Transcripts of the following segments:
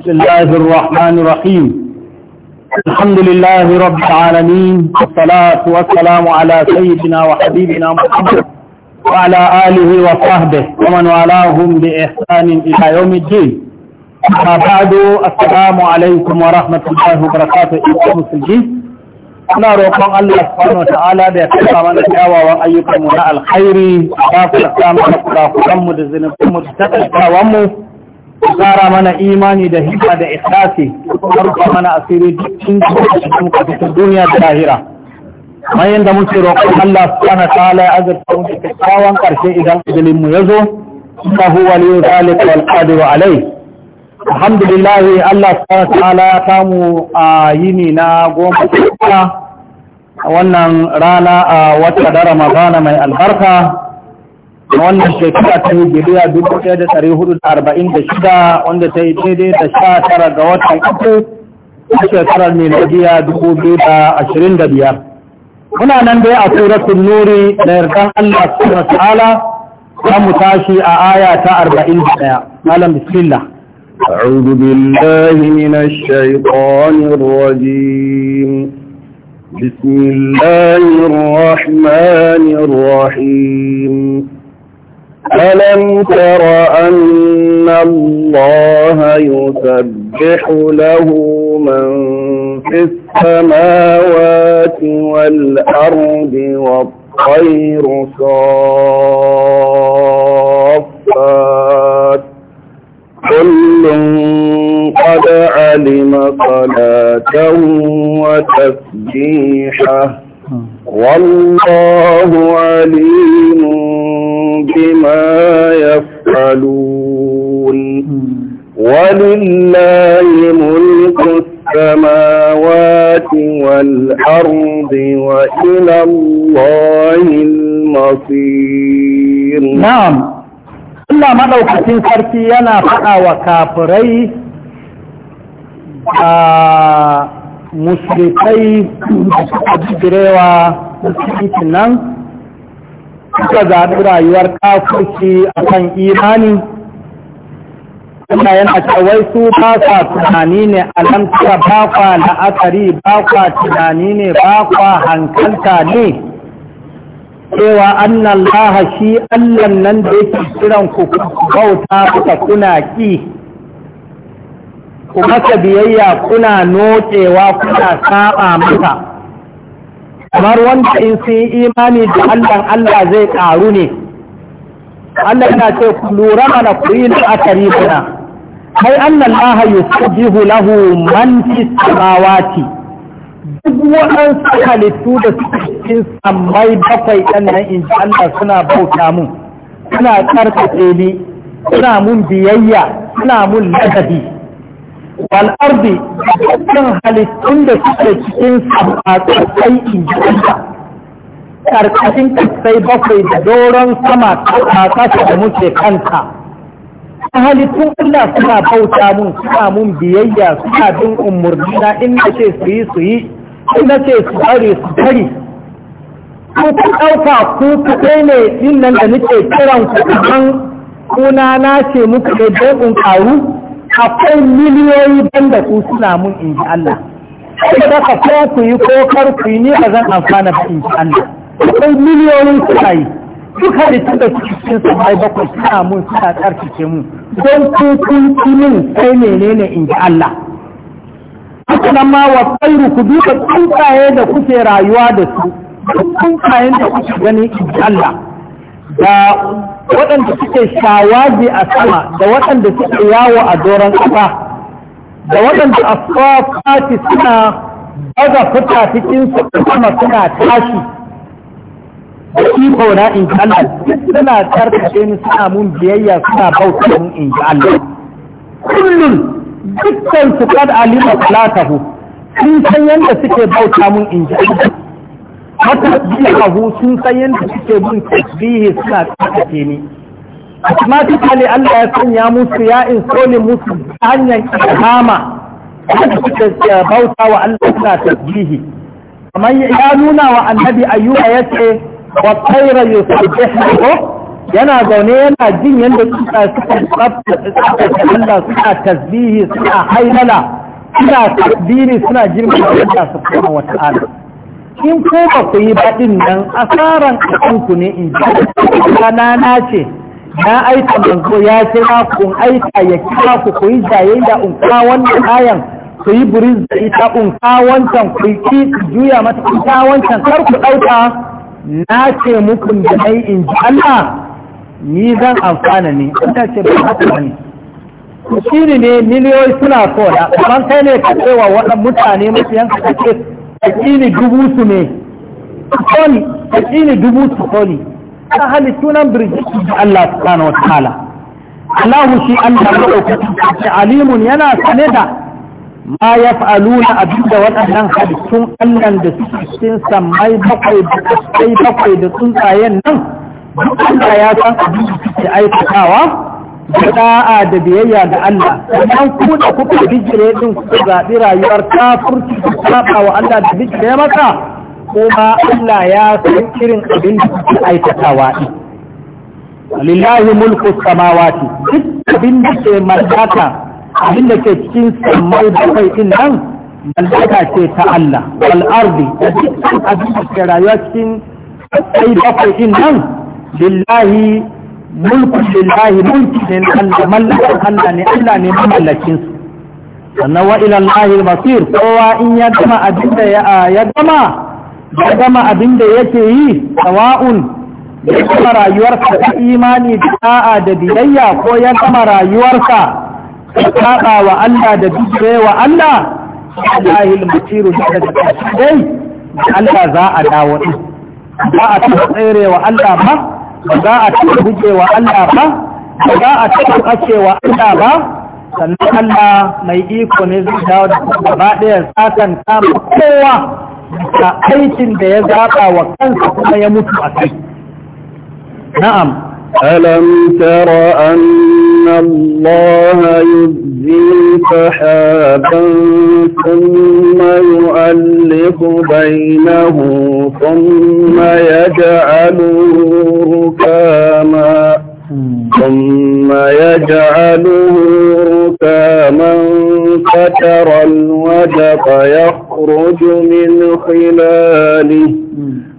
بسم الله الرحمن الرحيم الحمد لله رب العالمين والصلاة والسلام على سيدنا وحبيبنا محمد وعلى آله وصحبه ومن والاهم بإحسان إلى يوم الدين ما بعد السلام عليكم ورحمة الله وبركاته إلى المسلمين أنا روحان الله سبحانه وتعالى بأكثر من الشعوى وأيكم من الخير أباك من عليكم ورحمة من وبركاته tsara mana imani da hikma da ikhlasi rufa mana asiri cikin cikin duniya da lahira Man yadda muke roƙon Allah subhanahu wa ta'ala ya azurta mu da kyakkyawan karshe idan ajalin mu yazo innahu waliyyu zalika wal qadiru alai alhamdulillah Allah subhanahu wa ta'ala ya samu a yini na goma ta wannan rana a wata da Ramadana mai albarka wannan shekara ta hijiriya dubu ɗaya da ɗari hudu da arba'in da shida wanda ta yi daidai da sha tara ga watan uku a shekarar miladiya dubu biyu da ashirin da biyar. Muna nan dai a suratun nuri da yardan Allah subhanahu wa ta'ala za mu tashi a aya ta arba'in da ɗaya. Malam bismillah. أعوذ بالله من الشيطان الرجيم بسم الله الرحمن الرحيم ألم تر أن الله يسبح له من في السماوات والأرض والطير صافات كل قد علم صلاته وتسبيحه والله عليم بما يفعلون ولله ملك السماوات والأرض وإلى الله المصير نعم Allah maɗaukacin sarki yana faɗa wa kafirai a mushrikai da suka jigirewa musulunci suka zaɓi rayuwar kafurci a kan imani Allah yana wai su ba kwa tunani ne alamta ba kwa la'akari ba kwa tunani ne ba kwa hankalta ne cewa annan laha shi allan nan da yake kiran ku bauta kuka kuna ƙi ku masa biyayya kuna nocewa kuna saɓa mata. kamar wanda in sun yi imani da Allah Allah zai ƙaru ne Allah yana ce ku lura mana ku yi la'akari kuna kai annan laha yusabbihu lahu man fi samawati duk waɗansu halittu da suke cikin sammai bakwai ɗan nan in ji Allah suna bauta mun suna tsarkake ni suna mun biyayya suna mun ladabi wal ardi kan halittun da suke cikin sabbatai in ji Ƙarƙashin kasai bakwai da doron sama ta kasa da muke kanta halittun Allah suna bauta mun suna mun biyayya suna bin umarni na in ce su yi su yi ce su bari su bari ku ku ɗauka ku ne din nan da nake kiran ku kaman kuna na ce muku ne don ƙaru akwai miliyoyi banda su suna mun in ji Allah sai da ka ko ku yi ko kar ku yi ni a zan amfana ba in ji Allah akwai miliyoyin suna yi duk halittun da suke cikin mai bakwai suna mun suna tsarkake mu don ku kun ci min sai menene in ji Allah haka nan ma wa tsairu ku duka tsuntsaye da kuke rayuwa da su duk tsuntsayen da kuke gani in ji Allah da waɗanda suke shawazi a sama da waɗanda suke yawo a doron ƙasa da waɗanda a fati suna daga fita cikin su sama suna tashi da iko na inji Allah suna karkace ni suna mun biyayya suna bauta mun inji Allah kullum dukkan su kad alima salatahu sun san yadda suke bauta mun inji Allah haka biyahu sun san yadda suke bin tasbihi suna tsakace ni automatically Allah ya sanya musu ya insole musu hanyar ilhama haka suke eh, bauta wa Allah suna tasbihi kamar ya nuna wa annabi ayyuka ce, wa sauke hanko yana zaune yana jin yadda suka suka tsabtace Allah suna tasbihi suna hailala suna tasbihi suna girma Allah subhanahu wa ta'ala in ko ba ku yi baɗin nan asaran ku ne in ji na ce na aika manzo ya kira ku in aika ya kira ku ku yi jayayya in ka wannan ayan ku yi buriz da ita in ka wancan ku yi juya mata in ka wancan kar ku ɗauka na ce muku da nai in ji Allah ni zan amfana ne ita ce ba haka ba ne shiri ne miliyoyi suna so da kamar kai ne ka ce wa waɗannan mutane masu yanka ka ce addini dubu su ne koli addini dubu su ta halittu nan birjiki da Allah subhanahu wa ta'ala Allah shi Allah madaukakin alimun yana sane da ma ya abin abinda waɗannan halittun allah da suke cikin samai bakwai da kasai bakwai da tsuntsayen nan duk Allah ya san abin da suke aikatawa da da'a da biyayya ga Allah idan ku da kuka bijire din ku zaɓi rayuwar kafurci ku saba wa Allah da bijire maka kuma Allah ya san irin abin da kuke aikatawa din lillahi mulku samawati duk abin da ke mallaka abin da ke cikin samai da kai din nan mallaka ce ta Allah wal ardi da duk abin da ke rayuwa cikin sai bakwai din nan lillahi mulku lillahi mulki ne na Allah mallakin Allah ne Allah ne mallakin su sannan wa ila masir kowa in ya gama abin da ya gama ya gama abin da yake yi sawa'un ya gama rayuwarsa ta imani da da'a da biyayya ko ya gama rayuwarsa ta saba wa Allah da bijire wa Allah Allahil masir da dai Allah za a dawo din ba a tsere wa Allah ba ba za a taɓa wa Allah ba ba za a taɓa kacewa Allah ba sannan Allah mai iko ne zai dawo da gaba ɗaya tsakan kama kowa da aikin da ya zaɓa wa kansa kuma ya mutu a kai na'am alam tara an إن الله يجزي سحابا ثم يؤلف بينه ثم يجعله ركاما ثم يجعله ركاما فترى الودق يخرج من خلاله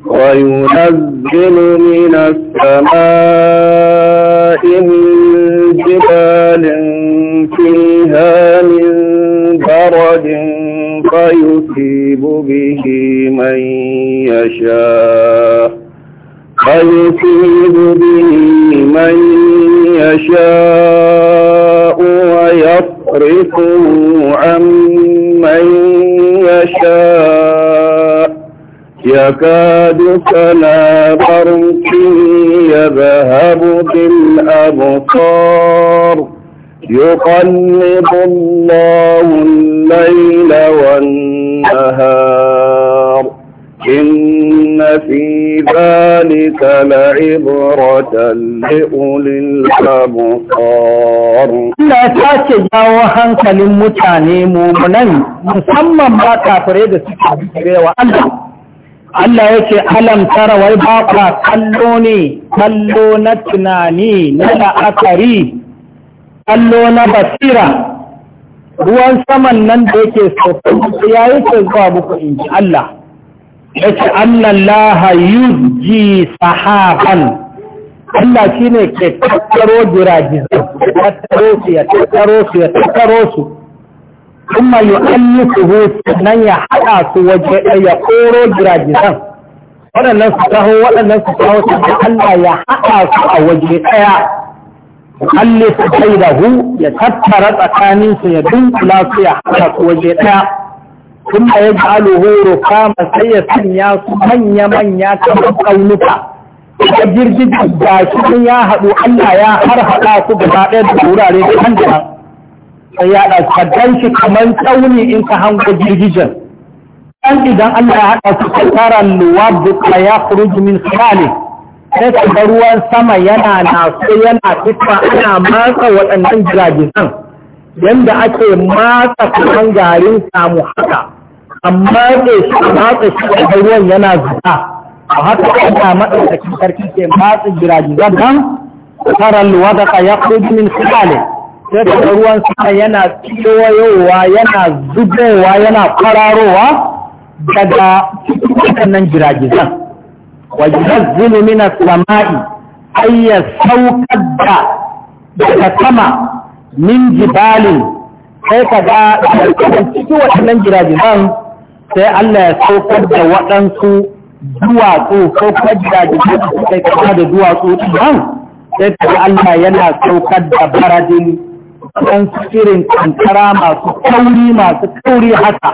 وينزل من السماء من يصيب به من يشاء ويصيب به من يشاء ويصرفه عن من يشاء يكاد سنا برقه يذهب بالأبصار يقلب الله الليل والنهار النهار إن في ذلك لعبرة لأولي الأبصار Allah ta ce jawo hankalin mutane mummunan musamman ma kafirai da suke birewa Allah. Allah ya ce alam tara wai ba kallo ne, kallo na tunani, na la'akari, kallo na basira, ruwan saman nan da yake su ya yi ke zuwa muku in ji Allah ya ce annallaha ji sahaban Allah shi ne ke tattaro ya tattaro su ya tattaro su ya tattaro su kuma yi an yi su nan ya haɗa su waje ya koro jiragizan waɗannan su taho waɗannan su taho su Allah ya haɗa su a waje ɗaya mu'allif kaidahu ya tattara tsakanin su ya dunkula su ya haka su waje ɗaya kuma ya ja'alu horo kama sai ya sanya su manya manya kamar tsaunuka ta girgiji ga shi ya haɗu Allah ya har haɗa su gaba ɗaya da wurare daban daban sai ya ɗauka shi kamar tsauni in ka hango girgijin dan idan Allah ya haɗa su kasaran luwa buka ya kuruji min khalik sai ka ruwan sama yana naso yana fita ana matsa waɗannan jiragen yadda ake matsa kusan garin samu haka amma ke shi matsa shi da ruwan yana zuta a haka ana matsa sarki ke matsa jiragen nan luwa da ka ya kudu sukale sai ka ruwan sama yana tsiyoyowa yana zubowa yana kwararowa daga cikin waɗannan jiragen وينزل من السماء أي سوكد تسمى من جبال كيف دا تكون وحنان جراجبان sai Allah ya saukar da waɗansu duwatsu saukar da sai kama da duwatsu ɗin sai ta Allah yana saukar da baradin waɗansu irin kankara masu kauri masu kauri haka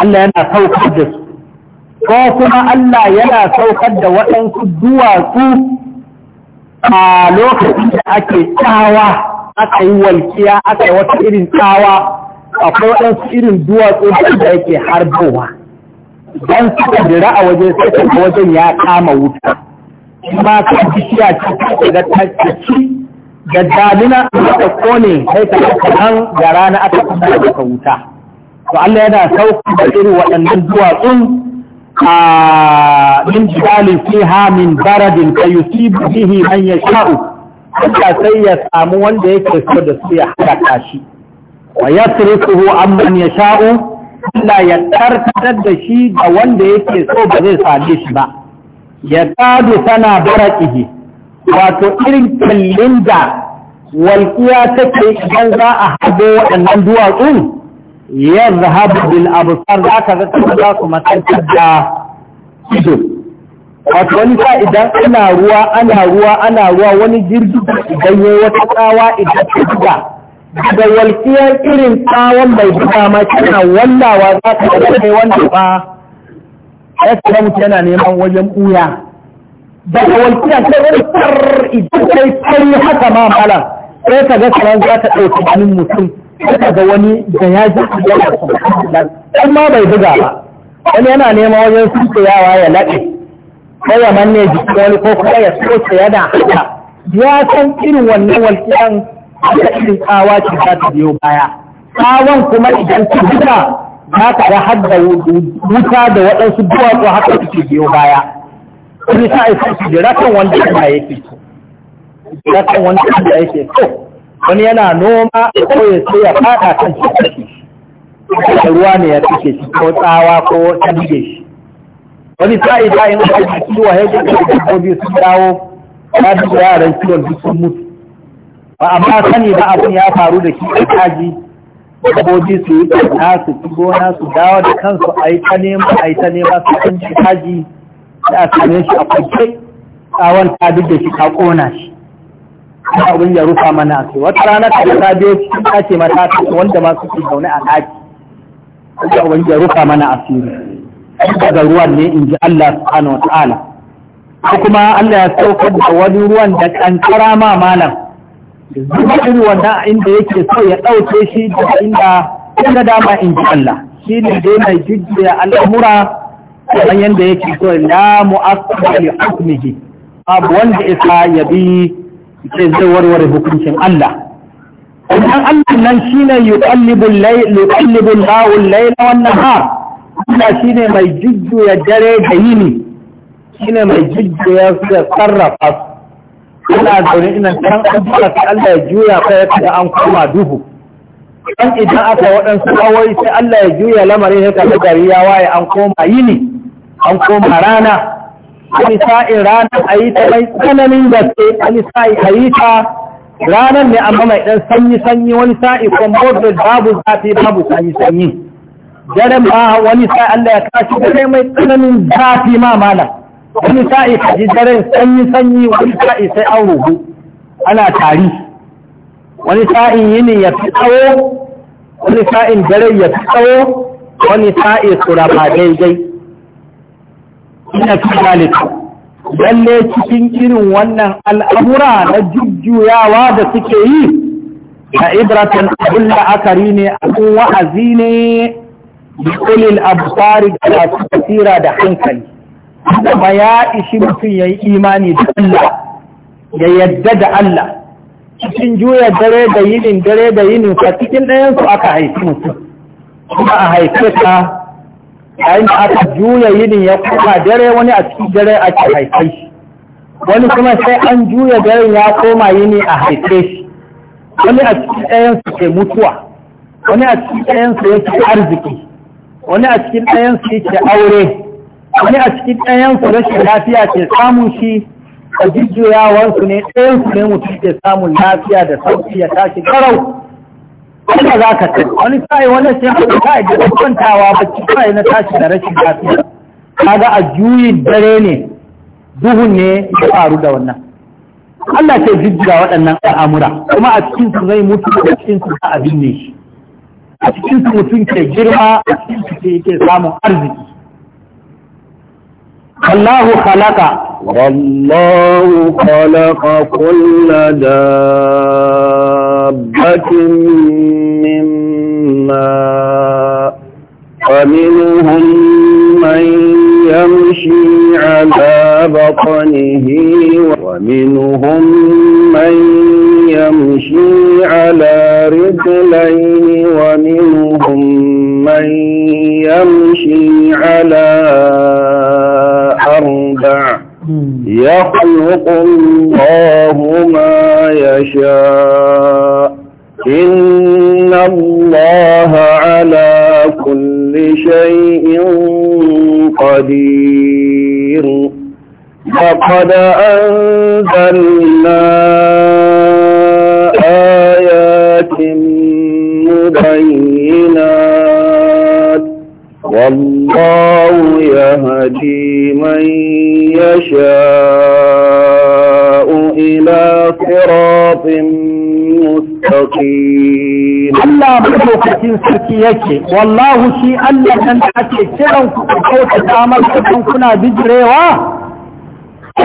Allah yana saukar da su ko kuma Allah yana saukar da waɗansu duwatsu a lokacin da ake tsawa aka yi walkiya aka yi wata irin tsawa akwai waɗansu irin duwatsu da yake harbowa don suka jira a waje sai ka wajen ya kama wuta ma ka bishiya ta kake da tattaci da damina aka kone sai ka nan da rana aka kuma da wuta to Allah yana saukar da irin waɗannan duwatsun min jibalin fiha min baradin ka yusibu bihi man yasha'u haka sai ya samu wanda yake so da su ya halaka shi wa yasrifuhu amman yasha'u Allah ya tarkatar da shi ga wanda yake so ba zai same shi ba ya kadu sana barakihi wato irin kallin da walƙiya take idan za a haɗo waɗannan duwatsu. yadhhabu bil absar da aka zata za su matsanta da ido wato wani sa idan ana ruwa ana ruwa ana ruwa wani jirgi idan yi wata tsawa idan ta gida. da walfiyar irin tsawon mai buga ma tana wallawa za ka ga kai wanda ba ya tsara mutu yana neman wajen ɓuya daga walfiyar sai wani tsar idan kai tsari haka ma mala sai ka ga kamar za ta ɗauki ganin mutum Kada ga wani da ya ji yana son kuma bai buga ba wani yana nema wajen yawa ya laɗe ko ya manne jiki wani ko kuma ya soce yana haka ya san irin wannan walƙiyan aka irin tsawa ce za ta biyo baya tsawon kuma idan ta buga za ta ga hadda wuta da waɗansu duwatsu haka suke biyo baya kuma sa isa su jira kan wanda Allah yake so jira kan wanda Allah yake so wani yana noma ko ya sai ya fada kan shi da ruwa ne ya tuke shi ko tsawa ko ta shi wani sa'i ta in wa kiwa ya ga dabbobi sun dawo ya duka yaran kiwon duk sun mutu ba amma sani ba abin ya faru da shi a daji dabbobi su yi ɗana su ci gona su dawo da kansu a yi ta nema a yi ta nema su kan shi daji da a same shi a tsawon ta duk da shi ka ƙona shi kuma abin ya rufa mana a wata rana ta ta biyo cikin ce mata wanda ma suke zaune a ɗaki kuma abin ya rufa mana asiri daga ruwan ne in ji Allah subhanahu wa ta'ala ko kuma Allah ya sauka da wani ruwan da kankara ma malam zuba irin a inda yake so ya ɗauke shi daga inda inda dama in ji Allah shi ne dai mai jijjiya al'amura kamar yadda yake so la mu'assaba li hukmihi abu wanda isa ya bi sai zai warware hukuncin Allah wannan Allah nan shine ne layl yuqallibul lawul wannan wan nahar Allah shine mai jujjuya dare da yini shine mai jujjuya su da sarrafa su Allah zaune ina kan addu'a sai Allah ya juya kai ya kada an koma duhu dan idan aka waɗansu awai sai Allah ya juya lamarin ya kada gari ya waye an koma yini an koma rana wani sa'in ranar a yi ta mai tsananin gaske wani sa'in a yi ta ranar ne amma mai ɗan sanyi-sanyi wani sa'in kuma moderate babu zafi babu sanyi-sanyi daren ba wani sa'in Allah ya kashi da kai mai tsananin zafi ma mana wani sa'in ka ji daren sanyi-sanyi wani sa'in sai an rubu ana tari wani sa'in yini ya fi tsawo wani sa'in dare ya fi tsawo wani sa'in su raba daidai ina fi zalika lalle cikin irin wannan al'amura na jujjuyawa da suke yi a ibratan abin la'akari ne abin wa'azi ne da ulil abusari da tasira da hankali kuma ya ishi mutum ya yi imani da Allah ya yadda da Allah cikin juya dare da yinin dare da yinin sa cikin ɗayansu aka haifi mutum kuma a haife yayin da aka juya yinin ya koma dare wani a cikin dare ake haife shi wani kuma sai an juya daren ya koma yini a haife shi wani a cikin ɗayansu ke mutuwa wani a cikin ɗayansu ya ke arziki wani a cikin ɗayansu ke aure wani a cikin ɗayansu rashin lafiya ke samun shi a jujjuyawarsu ne ɗayansu ne mutum ke samun lafiya da sauki ya tashi garau wanda za ka ce, wani sai wani sai haka ta yi da kwantawa sai na tashi da rashin lafiya kaga a juyi dare ne duhun ne ya faru da wannan Allah ke jijjira waɗannan al'amura kuma a cikin su zai mutu a cikin su za a binne shi a cikin su mutum ke girma a cikin su ke yake samun arziki Allahu khalaqa wallahu khalaqa kullu da حبة من فمنهم من يمشي على بطنه ومنهم من يمشي على رجلين ومنهم من يمشي على أربع يخلق الله ما يشاء إن الله على كل شيء قدير لقد أنزلنا آيات مبينات والله يهدي من يشاء إلى صراط مستقيم Allah madaukakin sarki yake wallahu shi Allah nan da ake kiran ku ko ta masa kuna bijirewa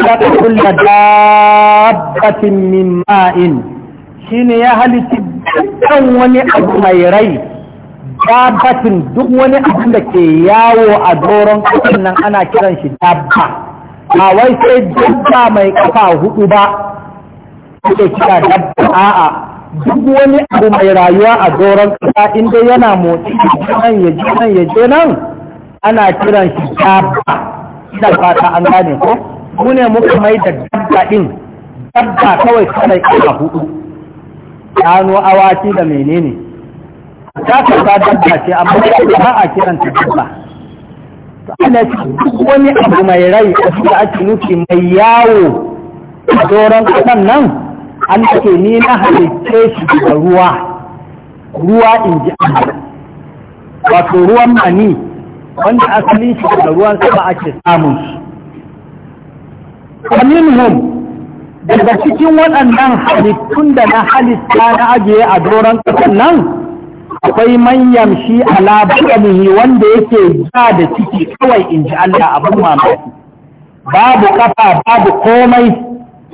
da kullu dabbatin min ma'in shine ya halici dukkan wani abu mai rai tabbatin duk wani abin da ke yawo a doron kasar nan ana kiran shi dabba ba wai sai dabba mai kafa hudu ba ke kira dabba a'a duk wani abu mai rayuwa a doron kasa inda yana motsi nan ya je nan ya je ana kiran shi dabba ina fata an gane ko mu ne muka mai da dabba din dabba kawai kawai kafa hudu gano awaki da menene ta ka ta dabba ce amma ba a kiran ta dabba Allah ce duk wani abu mai rai a cikin ake nufi mai yawo a doron kasan nan an ce ni na halitta shi daga ruwa ruwa in ji Allah wato ruwan mani wanda asalin shi daga ruwan sama ake samun shi hum daga cikin waɗannan halittun da na halitta na ajiye a doron kasan nan akwai manyan shi ala badanihi wanda yake ja da ciki kawai in ji Allah abin mamaki babu kafa babu komai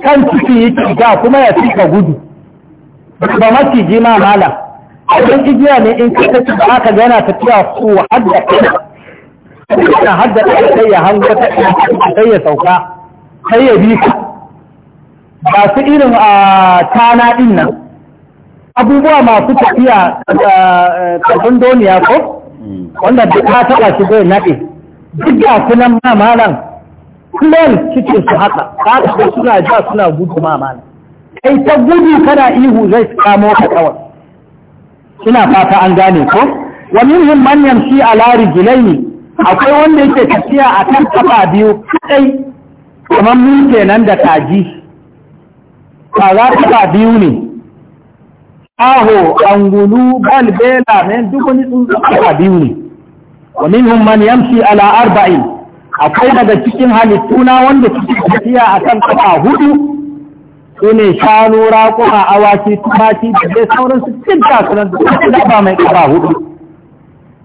kan ciki yake ja kuma ya cika gudu ba ji ma malam abin igiya ne in ka ci ba aka ta tafiya su hadda kai hadda kai sai ya hango ta sai ya sauka sai ya bi ka ba su irin a ah, tana din nan abubuwa masu tafiya tafin eh, eh, doniya ko wanda duk ta taba shi zai naɗe duk da sunan mamalan kullum cikin su haka ta taɓa suna ja suna gudu mamalan kai ta gudu kana ihu zai kamo ka kawai Suna fata an gane ko manyan shi a lari gilai ne. akwai wanda yake tafiya a kan kafa biyu kai kamar mun kenan da kaji za ta biyu ne aho angulu bal bela men duk wani tsuntsu aka biyu ne wa minhum man yamshi ala arba'in akwai daga cikin halittuna wanda suke tafiya akan kafa hudu su shanu raƙuma awaki tumaki da dai sauran su cin kasunan da ba mai kafa hudu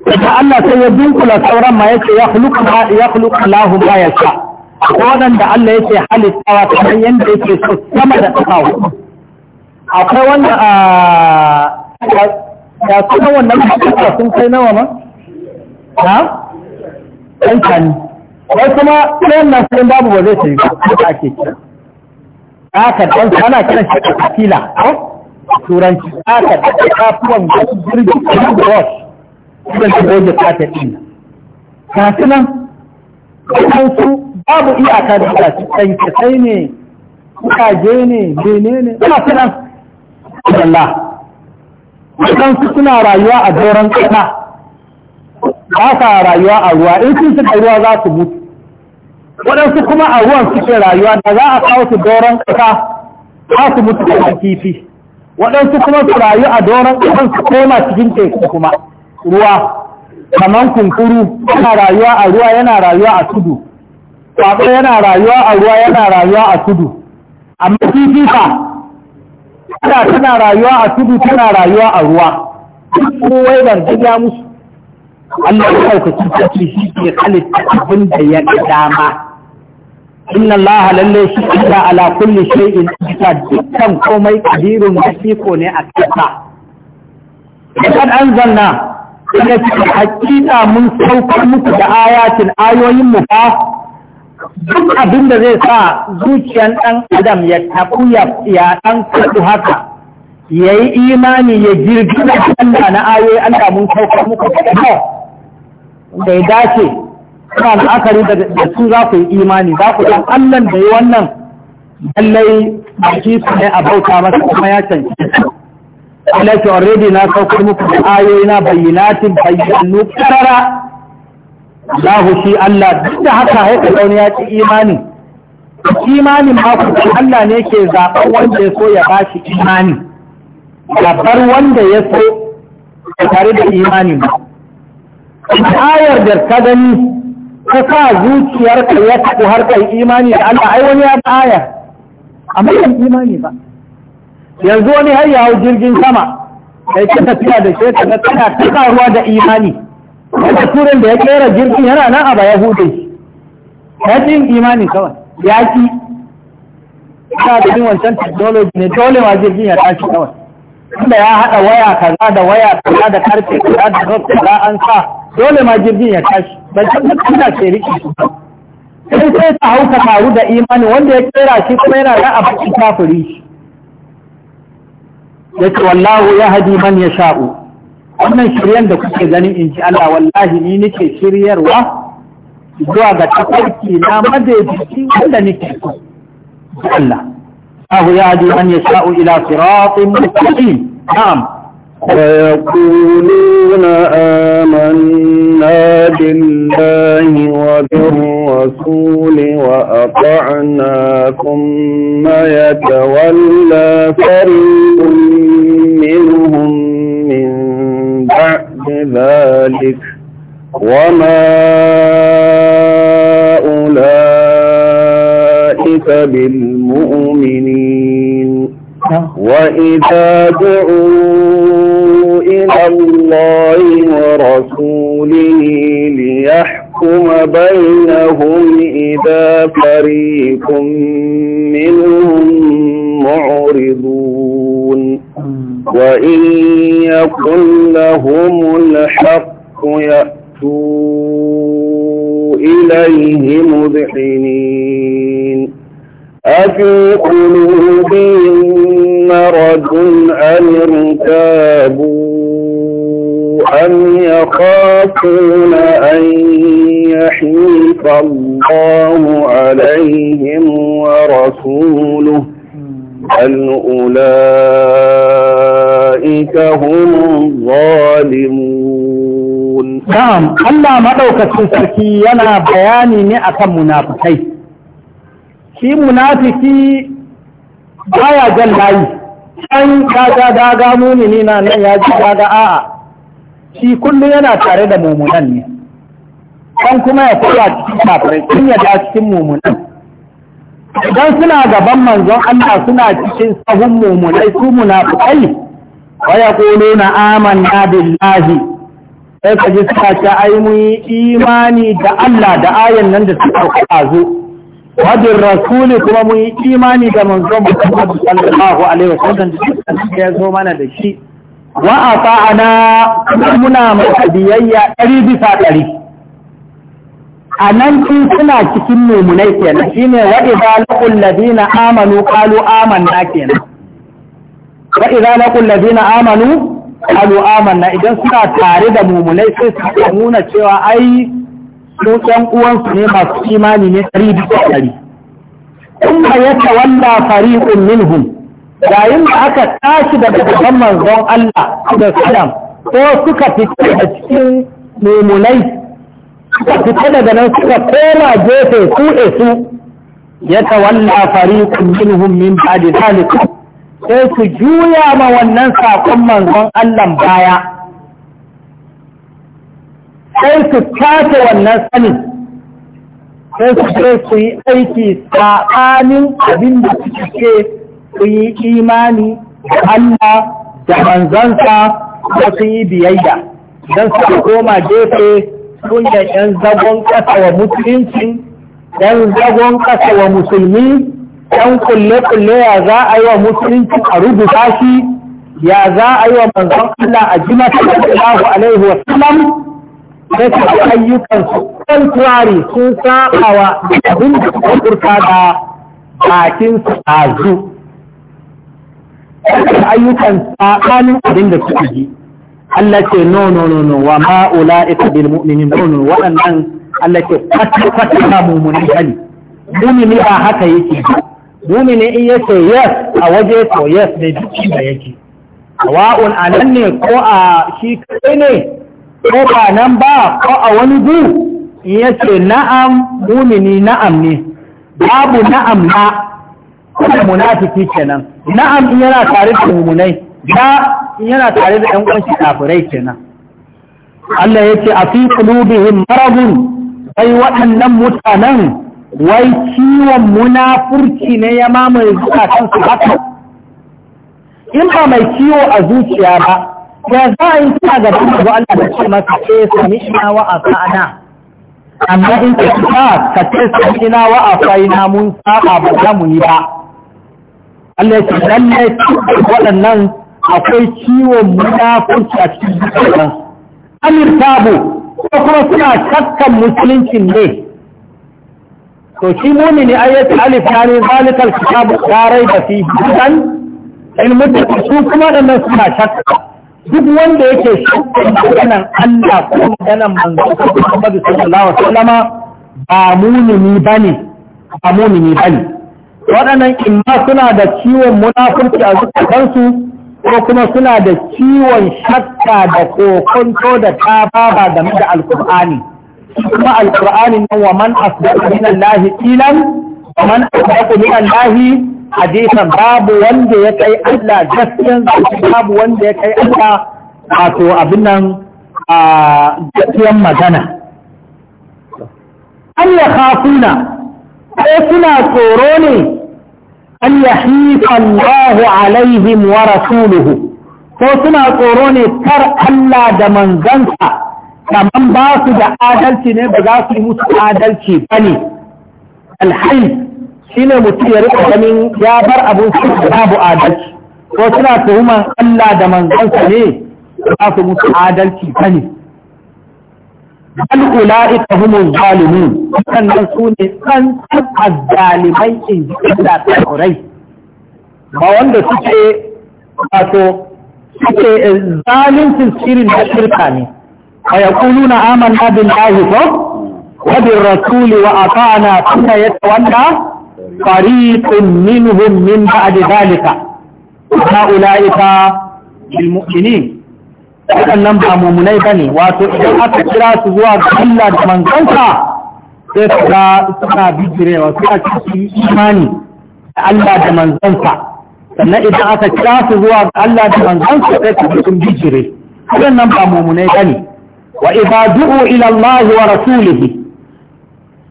da Allah sai ya dunkula sauran ma yace ya khluqu ya Allahu ma yasha da Allah yake halittawa kamar yanda yake so sama da kafa hudu akwai wanda ah, a ya kuma wannan kasa sun kai nawa ma ya ɗan kani wai kuma ɗan nan sun babu ba zai shiga haka ake kira aka ɗan ana kiran shi a fila turanci aka ɗan kafuwan jirgin jirgin rush ɗan shi goje kata ɗin ga su nan su babu iyaka da su ɗan sai ne kuka je ne menene ina su nan Allah waɗansu suna rayuwa a doron ƙasa ba sa rayuwa a ruwa in sun suka ruwa za su mutu waɗansu kuma a ruwan suke rayuwa da za a kawo su doron ƙasa za su mutu da kifi waɗansu kuma su rayu a doron ƙasa su koma cikin teku kuma ruwa kamar kunkuru yana rayuwa a ruwa yana rayuwa a tudu kwaɓe yana rayuwa a ruwa yana rayuwa a tudu amma kifi fa da tana rayuwa a tudu tana rayuwa a ruwa kowai ban ya musu Allah ya ɗaukaki sarki shi ke kalita abin da ya ga dama inna Allah lalle shi ita ala kulli shay'in ita dukkan komai shi ko ne a kasa an zanna ina cikin hakika mun saukar muku da ayatin ayoyin mu fa duk abin da zai sa zuciyan ɗan adam ya tafi ya ɗan kaɗu haka ya yi imani ya jirgi da Allah na ayoyi Allah mun sauka muku kaɗa da ya dace kuma rida da su za ku yi imani za ku ɗan Allah da yi wannan lallai a shi su ne a bauta masa kuma ya canci Allah already na saukar muku da ayoyi na bayyanatin bayyana ƙarara Allahu shi Allah duk da haka haika zaune ya ci imani imanin ma Allah ne ke zaɓar wanda ya so ya ba shi imani zaɓar wanda ya so ya tare da imani ba ayar da ta gani ta sa ka ya taɓu har kai imani da Allah ai wani ya ta ayar amma ban imani ba yanzu wani har ya hau jirgin sama kai ta tafiya da shekara tana ta ruwa da imani wanda turin da ya kera jirgin yana nan a baya hude ya ci yin imani kawai ya ki ta da yin wancan technology ne dole ma jirgin ya tashi kawai wanda ya haɗa waya kaza da waya kaza da karfe kaza da rob kaza an sa dole ma jirgin ya tashi ban san da kuma ke riƙe ba. sai sai ta hauka faru da imani wanda ya kera shi kuma yana nan a bakin kafiri Ya yace wallahu ya hadi man ya sha'u wannan shiryan da kuke gani in ji Allah wallahi ni nake shiryarwa zuwa ga tafarki na madaidaici wanda nake so ga Allah Allah ya ji an yasha'u ila siratin mustaqim na'am ويقولون آمنا بالله وبالرسول وأطعنا ثم يتولى فريق منهم بذلك وما أولئك بالمؤمنين وإذا دعوا إلى الله ورسوله ليحكم بينهم إذا فريق منهم معرضون أمم. وإن يكن لهم الحق يأتوا إليه مذحنين أفي قلوبهم مرض أم ارتابوا أم يخافون أن يحيف الله عليهم ورسوله بل أولئك هم الظالمون نعم الله مدوكة سركي ينا بياني نئة منافقين shi munafiki baya jan layi can kaga daga mumini na nan ya ji daga a'a shi kullum yana tare da mumunan ne kan kuma ya koya cikin kafirai kun ya cikin mumunan idan suna gaban manzon Allah suna cikin sahun mumunai su munafiqai wa yaquluna amanna billahi sai ka ji suka ce ai mu yi imani da Allah da ayan nan da suka kazo wa bil rasuli kuma muyi imani da manzon Muhammad sallallahu alaihi wasallam da ya zo mana da shi wa ata'ana muna mai biyayya ɗari bisa ɗari a nan in suna cikin mummunai kenan shine wa idza laqul ladina amanu qalu amanna kenan wa idza laqul ladina amanu qalu amanna idan suna tare da mummunai sai su nuna cewa ai su ɗan uwansu ne masu imani ne ɗari bisa ɗari kuma ya tawalla fariqun minhum yayin da aka tashi daga gaban manzon Allah da Saddam ko suka fita da cikin mummunai suka fita daga nan suka koma gefe kuɗe su ya tawalla fariqun minhum min ba'di zalika sai su juya ma wannan sakon manzon Allah baya sai su tace wannan sani sai su sai su yi aiki tsakanin abin da suke ce su yi imani da Allah da manzansa da su yi biyayya don su koma gefe Kunya yan zagon kasa wa musulunci yan zagon kasa wa musulmi yan kulle-kulle ya za a yi wa musulunci a rubuta shi ya za a yi wa manzon Allah a jima sallallahu alaihi wa sallam da ta ayyukan su sun saba wa abin da suka furta da bakin su a zu ayyukan tsakanin abin da suka yi Allah ce no no no no wa ma ulaika bil mu'minin no no waɗannan Allah ce kwata kwata ba mumuni hali. mumini a haka yake mumini in yake yes a waje to yes ne duk da yake wa'un anan ne ko a shi kai ne ko ba nan ba ko a wani gu in yake na'am mumini na'am ne babu na'am na kuma munafiki kenan na'am in yana tare da mumunai da yana tare da ɗan ƙwanshi kafirai kenan Allah ya ce a fi ƙulubihim marabun sai waɗannan mutanen wai ciwon munafurci ne ya mamaye su haka in ba mai ciwo a zuciya ba ya za a yi kina ga babu Allah da ce masa ce eh, sami ina wa a sa'ana amma in ka ba ka ce sami ina wa a sa'ina mun saba ba za mu yi ba Allah ya ce lallai waɗannan akwai ciwon munafurci a cikin dukkan amir tabu ko kuma suna shakkan musuluncin ne to shi ne ayyata alif ya ne zalikar kitabu karai da fi hudan in mutu su kuma da nan suna shakka duk wanda yake shakkan maganan Allah ko maganan manzo ko da sallallahu alaihi wasallama ba muni bane ba ne. bane waɗannan ma suna da ciwon munafurci a zukatansu ko kuma suna da ciwon shakka da kokonto da ta baba game da alkur'ani kuma alkur'ani nan wa man asdaqu min Allah ilan wa man asdaqu min Allah hadisan babu wanda ya kai Allah gaskiyan babu wanda ya kai Allah wato abin nan a gaskiyan magana Allah khafuna ko suna tsoro ne an yahiqa Allahu alaihim wa rasuluhu ko suna tsoro ne kar Allah da manzansa kaman ba su da adalci ne ba za su yi musu adalci bane alhayy shine mutum ya rika ganin ya bar abun su babu adalci ko suna tuhuman Allah da manzansa ne ba su musu adalci bane bal ula'ika humuz zalimun sannan su ne san azzalimai in ji da tsakurai ba wanda suke wato suke zalincin shirin da shirka ne a yakulu na amanna billahi ko wadin bin rasuli wa ata'ana kuma yatawalla fariqun minhum min ba'di zalika ha'ula'ika bil mu'minin waɗannan ba mumunai ba ne wato idan aka kira su zuwa ga Allah da manzansa sai su ga suna bijirewa suna cikin imani da Allah da manzansa sannan idan aka kira su zuwa ga Allah da manzansa sai su cikin bijire waɗannan ba mumunai ba ne wa ibadu ila Allah wa rasulihi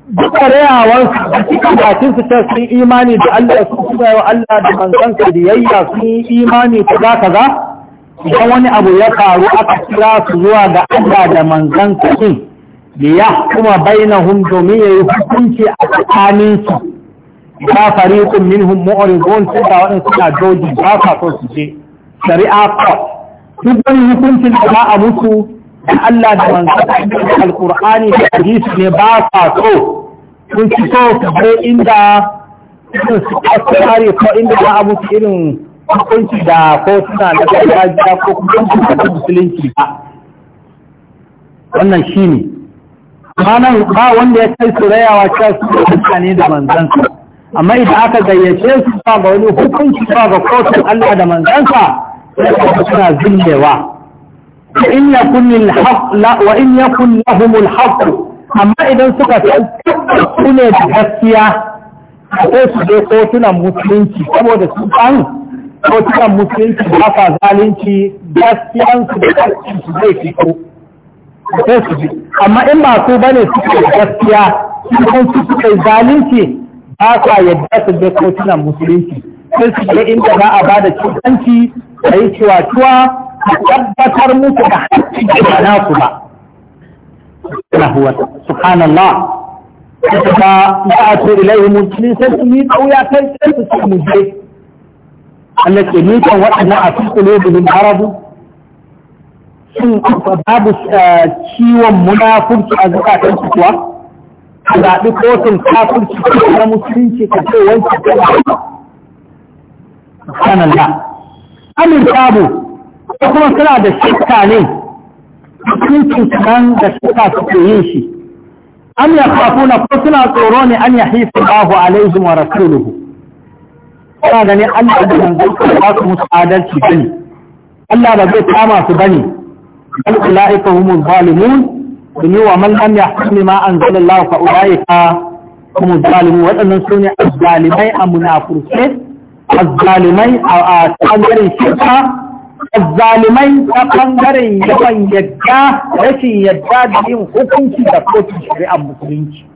dukkarewarsu da cikin bakin su ta sun imani da Allah su kuma wa Allah da manzansa biyayya sun yi imani kaza kaza idan wani abu ya faru aka kira su zuwa ga Allah da manzan kuɗin da ya kuma hun? domin ya yi hukunci a tsakanin su ba hun ma'ori mu'ridun su ga wani suna doji ba sa so su je shari'a ko duk wani hukuncin da ba a musu da Allah da manzan kuɗin alqur'ani da hadisi ne ba sa so sun ci so su je inda su ko inda ba a mutu irin hukunci da ko suna na gargajiya ko kuma da musulunci ba wannan shi ne nan ba wanda ya kai su rayawa cewa su da mutane da manzansa amma idan aka gayyace su ba ga wani hukunci ba ga kotun Allah da manzansa sai suna zillewa in ya lil wa in ya kunni al haqq amma idan suka san ne da gaskiya sai su je kotunan musulunci saboda su san kotunan musulunci ba fa zalunci gaskiyansu da su zai fito sai su ji amma in ba su bane suke gaskiya sun su suke zalunci ba sa yadda su ga kotunan musulunci sai su ga inda za a ba da cutanci a yi ciwatuwa a tabbatar musu da haƙƙi da na su ba. Subhanallah. Ba a ce ilaihi musulun sai su yi kai sai su ce mu je Allah ke nikan waɗannan a cikin lobinin arabu shin babu eh, ciwon munafurci a zukatan su kuwa zaɓi kotun kafurci ko na musulunci ka ce wanki ko ba sanalla amin babu ko kuma suna da shakka ne hukuncin kaman da shakka shi ko suna tsoro ne an ya hifu bahu alaihim ana ganin Allah da manzon ba su musu adalci ba ne. Allah ba zai kama su bane al ulaika humul zalimun dun wa man lam yahkum ma anzalallahu fa ulaika humul zalimun wadannan sune azzalimai a munafurce azzalimai a bangaren shirka azzalimai ta bangaren yawan yadda rashin yadda da yin hukunci da kotun shari'ar musulunci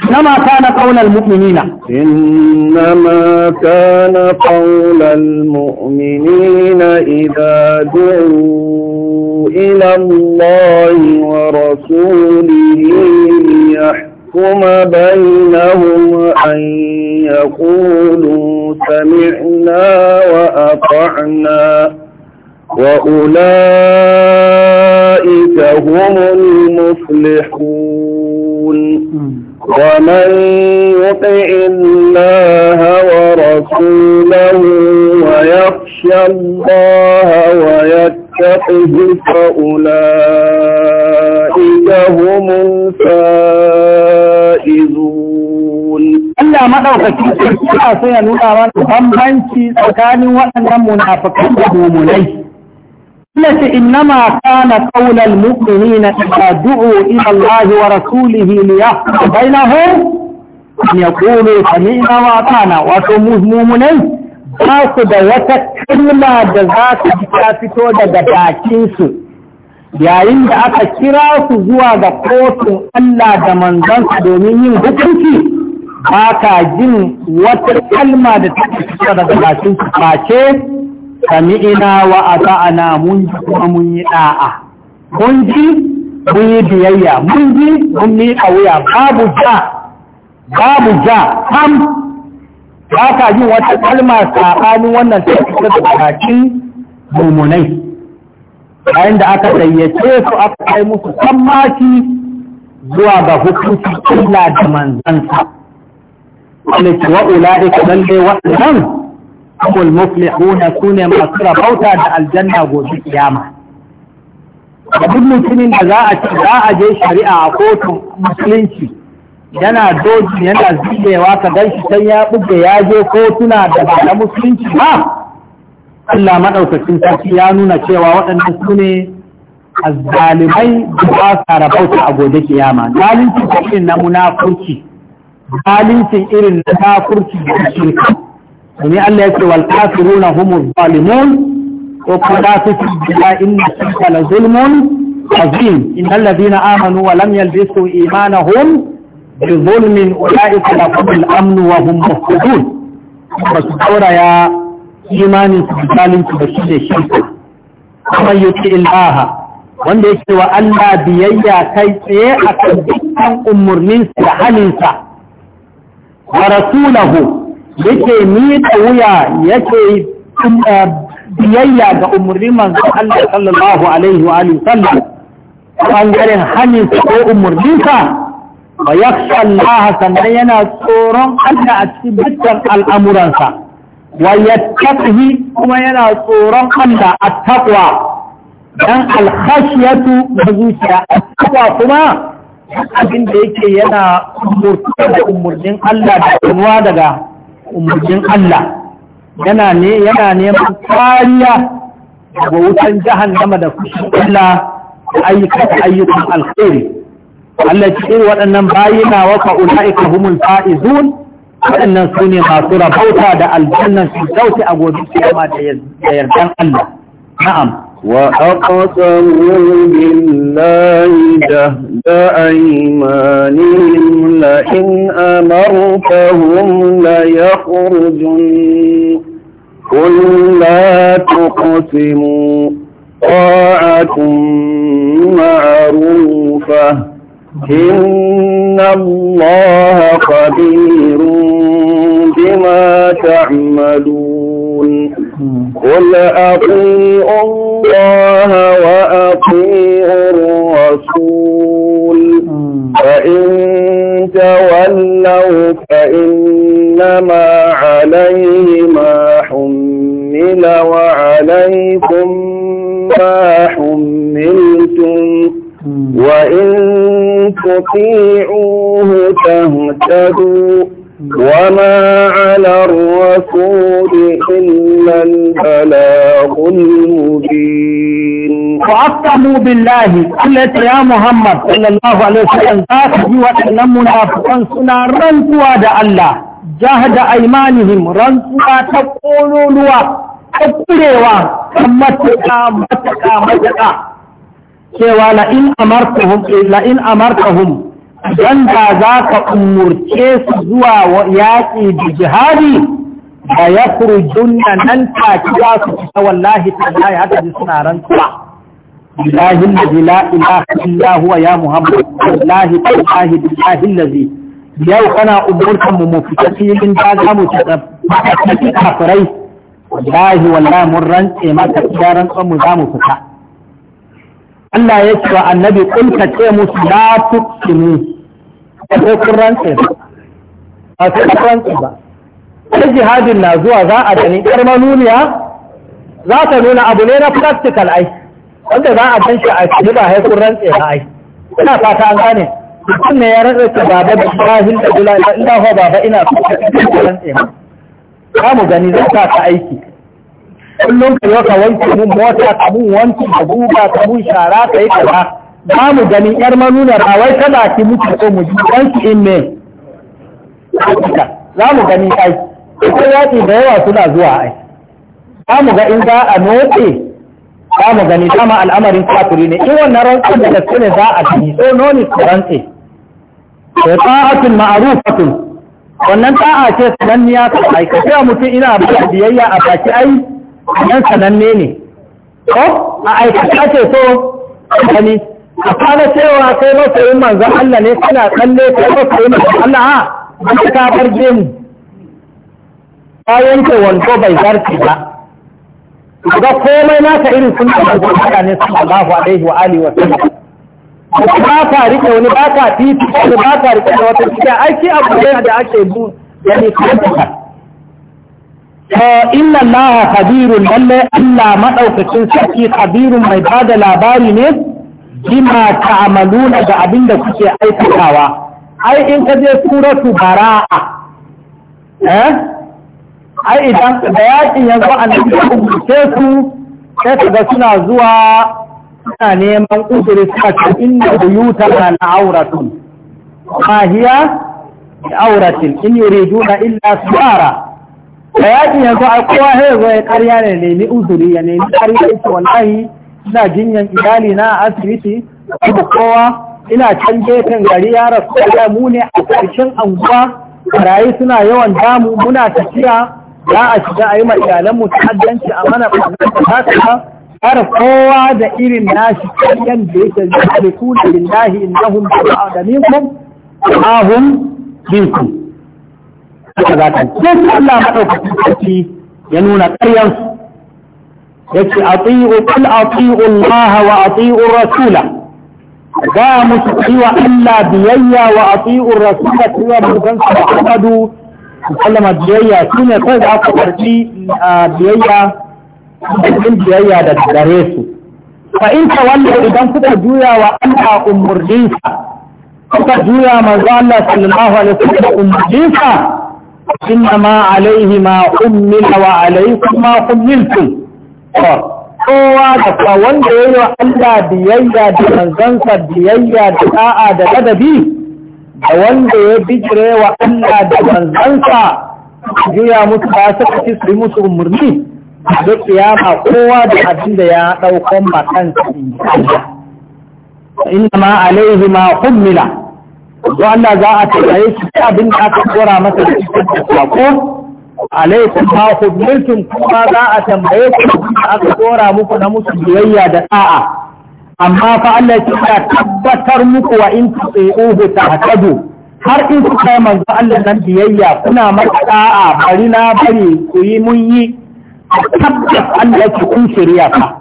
إنما كان قول المؤمنين إنما كان قول المؤمنين إذا دعوا إلى الله ورسوله ليحكم بينهم أن يقولوا سمعنا وأطعنا وأولئك هم المفلحون ومن يطع الله ورسوله ويخشى الله ويتقه فأولئك هم الفائزون Allah maɗaukaki ya so ya nuna mana bambanci tsakanin waɗannan munafikan da التي إنما كان قول المؤمنين إذا دعوا إلى الله ورسوله ليحكم بينهم أن يقولوا سمعنا وأطعنا وتمهمومني ba da wata kalma da za su ta fito daga bakinsu yayin da aka kira su zuwa ga kotun Allah da manzansa domin yin hukunci ba ka jin wata kalma da ta fito daga bakinsu face sami'ina wa ata'ana mun ji kuma mun yi da'a mun ji mun yi biyayya mun ji mun yi wuya babu ja babu ja sam ba ka yi wata kalma saɓanin wannan ta da bakin mummunai bayan da aka tsayyace su aka kai musu sammaki zuwa ga hukunci Allah da manzansa. Wani kiwa ula'ika lalle waɗannan huna su sune masu rabauta da aljanna gobe kiyama da duk mutumin da za a ce za a je shari'a a kotun musulunci yana doji yana zubewa ka gan shi can ya buge ya je kotuna da ba na musulunci ba Allah maɗaukacin sarki ya nuna cewa waɗanda su ne azzalimai da ba sa rabauta a gobe kiyama zalincin irin na munafurci zalunci irin na kafurci da shirka ne Allah ce wal kafiruna humuz zalimun ko kuma su bila inna shirka la zulmun azim in alladhina amanu wa lam yalbisu imanahum bi zulmin ulaika lahum al amn wa hum muhtadun ba su tauraya imanin su zalunci da shi ne shirka kuma yuti ilaha wanda yake wa Allah biyayya kai tsaye kan dukkan umurninsa da halinsa wa rasulahu yake miƙa wuya yake eh, biyayya ga umarnin manzon Allah sallallahu alaihi wa sallam bangaren hannun ko umarninsa wa yakhsha Allah sannan yana tsoron Allah a cikin dukkan al'amuransa wa tafi kuma yana tsoron Allah a taqwa dan al-khashyatu mazuciya at-taqwa kuma abin da yake yana umurta da Allah da kunwa daga umarnin Allah yana ne yana neman kariya daga wutan jahannama da fushin Allah da ayyukan ayyukan alkhairi Allah ya ce waɗannan bayina wa fa ulaika humul faizun waɗannan su ne masu rabauta da aljannan su dauki a gobe kiyama da yardan Allah na'am وأقسموا بالله جهد أيمانهم لئن أمرتهم ليخرجن قل لا تقسموا طاعة معروفة إن الله خبير بما تعملون تتقون قل أطيعوا الله وأطيعوا الرسول فإن تولوا فإنما عليه ما حمل وعليكم ما حملتم وإن تطيعوه تهتدوا وما على الرسول إلا البلاغ المبين فأقسموا بالله قلت يا محمد صلى الله عليه وسلم ذاك وأن منافقا سنا رنسوا دا الله جهد أيمانهم رنسوا تقولوا لوا تقولوا متكا متكا متكا cewa la'in amartahum la'in أمرتهم idan da za ka umurce su zuwa yaƙi da jihadi da ya furjunna nan take za su fita wallahi ta tallahi haka ji suna rantsuwa billahi da la ilaha da huwa ya muhammad wallahi tallahi billahi allazi yau kana umurtan mu fita filin da za mu tafi kafirai wallahi wallahi mun rantse maka ya rantsuwa mu za mu fita Allah ya ce wa annabi kulka ce musu la tuksimu ko kun rantse ba a sai kun rantse ba sai jihadin na zuwa za a gani karma nuniya za ta nuna abu ne na practical ai wanda za a gan shi a cikin ba haikun rantse ba ai ina fata an gane mutum ne ya rantse ta baba da shahin da dula ina ho baba ina fata rantse ba. za mu gani zai sa ka aiki kullum ka yi ka wanke mun mota ka mun wanki ka guga ka mun shara ka yi kaza ba mu gani yar manunar a wai ta baki muke ko mu ji wanki in me za mu gani ai ita yaƙi da yawa suna zuwa ai za mu ga in za a notse za mu gani dama al'amarin kafiri ne in wannan rantsin da gaske ne za a fi so noni su rantse to ta'atun ma'arufatun wannan ta'a ce sananniya ta aikace mutum ina ba biyayya a baki ai nan sananne ne ko a aikata ce so gani a kana cewa kai masoyin manzon Allah ne kana kalle kai masoyin manzon Allah a ka barge mu bayan ke wando bai zarki ba ga komai naka irin sun da manzon Allah ne sallallahu alaihi wa alihi wa sallam ba ka rike wani ba ka titi wani ba ka rike da wata cikin aiki abu ne da ake bu da ne kuma inna Allah kabirun lalle Allah madaukakin sarki kabirun mai bada labari ne bima ta'maluna da abin da kuke aikatawa ai in ka je suratu bara'a eh ai idan da yakin yanzu annabi ya kubuce su sai ka ga suna zuwa suna neman uzuri suka ce inna buyutana na auratun ma hiya auratin in yuriduna illa suara da yakin yanzu a kowa sai ya zo ya karya ne nemi uzuri ya nemi karya ita wallahi ina jinyan iyali na asibiti da kowa ina can gefen gari ya rasu da mu ne a ƙarshen anguwa barayi suna yawan damu muna tafiya za a shiga a yi ma iyalanmu ta'addanci a mana ɓarnar da haka har kowa da irin nashi 'yan da yake zai ku da lillahi innahum jama'a da minkum ahum minkum haka za ta Allah madaukakin sarki ya nuna ƙaryansu yace ati'u qul ati'u Allah wa ati'u rasula ga musu cewa Allah biyayya wa ati'u rasula cewa bukan sa Muhammadu sallama biyayya shine kai da aka karbi biyayya cikin biyayya da gare su fa in tawallu idan kuka juya wa Allah umurdinsa kuka juya manzo Allah sallallahu alaihi wasallam umurdinsa إنما عليه ما حمل وعليكم ما حملتم kowa da fa wanda ya yi wa Allah biyayya da manzansa biyayya da ta'a da ladabi da wanda ya bijire wa Allah da manzansa juya musu ba suka ci su musu umarni da kiyama kowa da abin da ya ɗaukon makansa in inna ma alaihi ma hummila don Allah za a tsaye shi abin da aka kora masa da cikin alaikum ma hudmiltum kuma za a tambaye ku aka tsora muku na musu biyayya da da'a amma fa Allah ya tabbatar muku wa in ta tahtadu har in kuka yi manzo Allah nan biyayya kuna masa da'a bari na bari ku yi mun yi tabbas Allah yake kun shirya ka.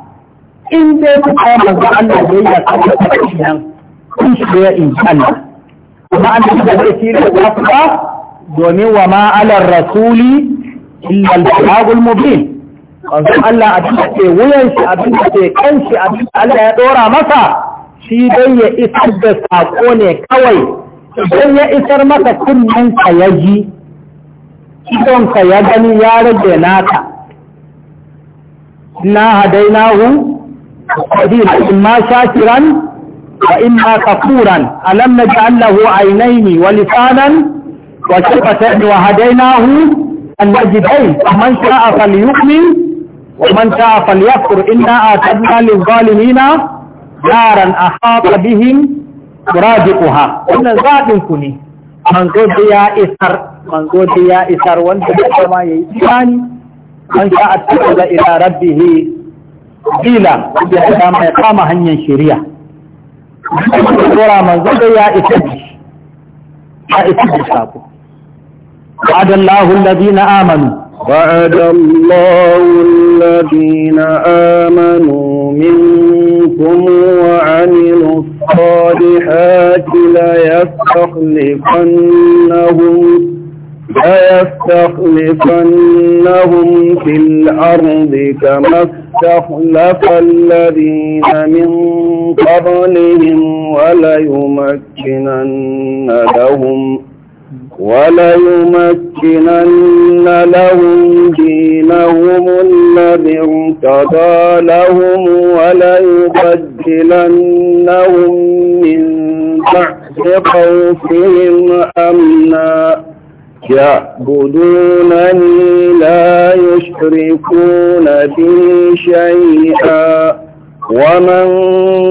in dai kuka yi manzo Allah biyayya ka tabbata nan kun shirya in Allah amma Allah ya ce ku ba domin wa ma alar rasuli illa al-balagul mubin wanzu Allah abin da ke wuyan shi abin da ke kan shi abin da Allah ya dora masa shi dai ya isar da sako ne kawai idan ya isar masa kunnen ka ya ji idon ka ya gani ya rage naka na hadainahu sabila imma shakiran wa imma kafuran alam naj'al lahu aynayni wa lisanan wa shafatayni wa hadainahu الواجبين فمن شاء فليؤمن ومن شاء فليكفر إنا أعتدنا للظالمين نارا أحاط بهم سرادقها إن ذات كني من قد يا إسر من قد يا إسر وانت ما يجاني من شاء اتخذ إلى ربه قيلا بحيث ما يقام هنيا شريعة Kura manzo da ya isa ya isa da sako. وعد الله الذين آمنوا وعد الله الذين آمنوا منكم وعملوا الصالحات ليستخلفنهم ليستخلفنهم في الأرض كما استخلف الذين من قبلهم وليمكنن لهم وليمكنن لهم دينهم الذي ارتضى لهم وليبدلنهم من بعد خوفهم أمنا يعبدونني لا يشركون بي شيئا ومن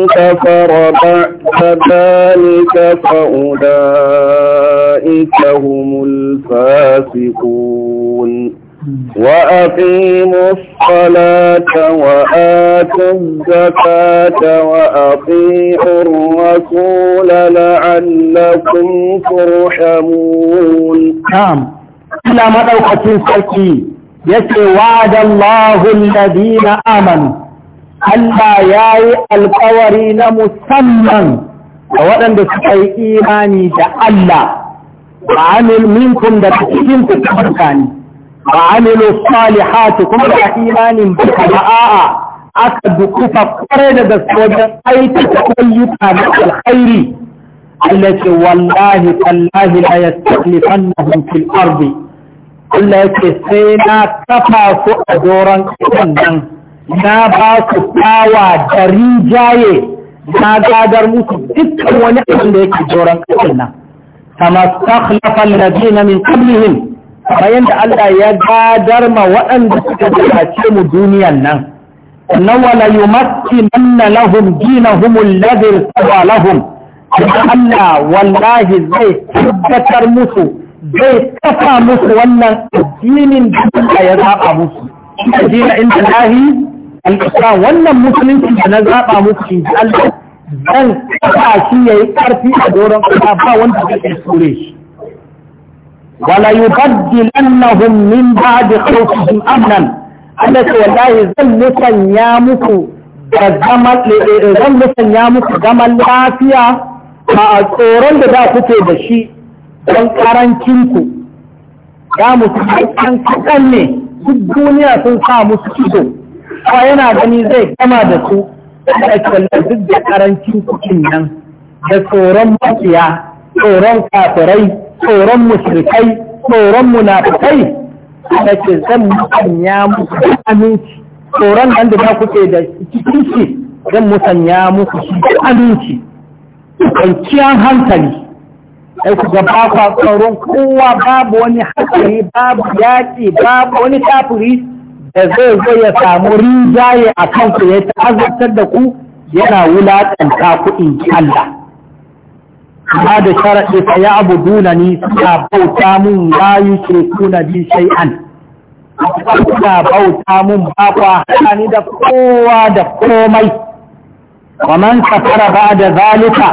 كفر بعد ذلك فأولئك هم الفاسقون وأقيموا الصلاة وآتوا الزكاة وأطيعوا الرسول لعلكم ترحمون نعم إلى مدوقة سلكي يسي وعد الله الذين آمنوا Allah ya yi alkawari na musamman a waɗanda suka yi imani da Allah ba amil minkum da cikin ku tabarka ne ba amilu salihati kuma da imanin baka ba aka dukufa kware da gaske wajen aikata ayyuka na alkhairi Allah ce wallahi tallahi la yastakhlifannahum fil ardi Allah ce sai na kafa su a doron kan nan na ba ku tawa da rijaye na gadar musu dukkan wani abin da yake joran kasar nan kama stakhlafa alladina min qablihim bayan da Allah ya gadar ma waɗanda suka dace mu duniyan nan sannan wala manna lahum dinahum alladhi irtada lahum Allah wallahi zai tabbatar musu zai kafa musu wannan addinin da ya zaba musu addinin inda lahi alƙasa wannan musulunci da na zaɓa muku shi ji Allah zan sa shi ya yi ƙarfi a doron ƙasa ba wanda zai ture shi. Wala yi baddi lannahun min ba da amnan Allah ce wallahi zan musanya muku da zaman eh, zan musanya muku zaman lafiya a tsoron da za kuke da shi don ƙarancinku. Ya mutu an kaɗan ne duk duniya sun sa musu ido. kuma yana gani zai gama da su da kyallar duk da karancin kuɗin nan da tsoron makiya tsoron kafirai tsoron musulkai tsoron munafikai da ke zan musanya muku aminci tsoron nan da za kuke da cikin shi zan musanya muku shi aminci kwanciyar hankali sai ku ga ba tsoron kowa babu wani hatsari babu yaƙi babu wani tafuri da zai zo ya samu rinjaye a kanku ya ta'azartar da ku yana wulaƙanta ku in ji Allah Ba da sharaɗi fa ya abu duna ni suna bauta mun ke yushriku na bi an. suna bauta mun ba kwa ni da kowa da komai Ka fara ba da zalika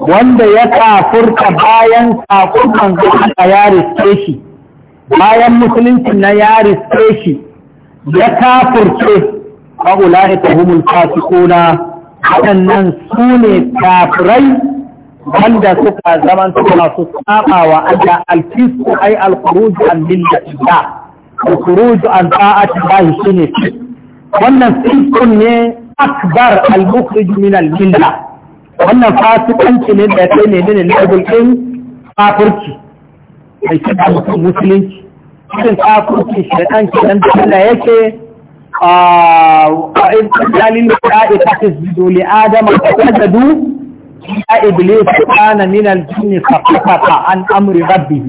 wanda ya kafurta bayan sakon manzo ya riske shi bayan musulunci na ya riske shi ya kafurce wa ula'ika humul fasikuna, waɗannan su ne kafirai wanda suka zaman su masu saba wa Allah alfisku ai alkhuruj an millati Allah alkhuruj an ta'ati Allah shine wannan fiskun ne akbar al min al wannan fasikanci ne da kai ne ne na labul din kafirci sai musulunci irin kafurci shaitan kenan da Allah yake a ilkalin ka'ita tasbidu li adama fasajadu ya iblis kana min al-jinn faqata an amri rabbih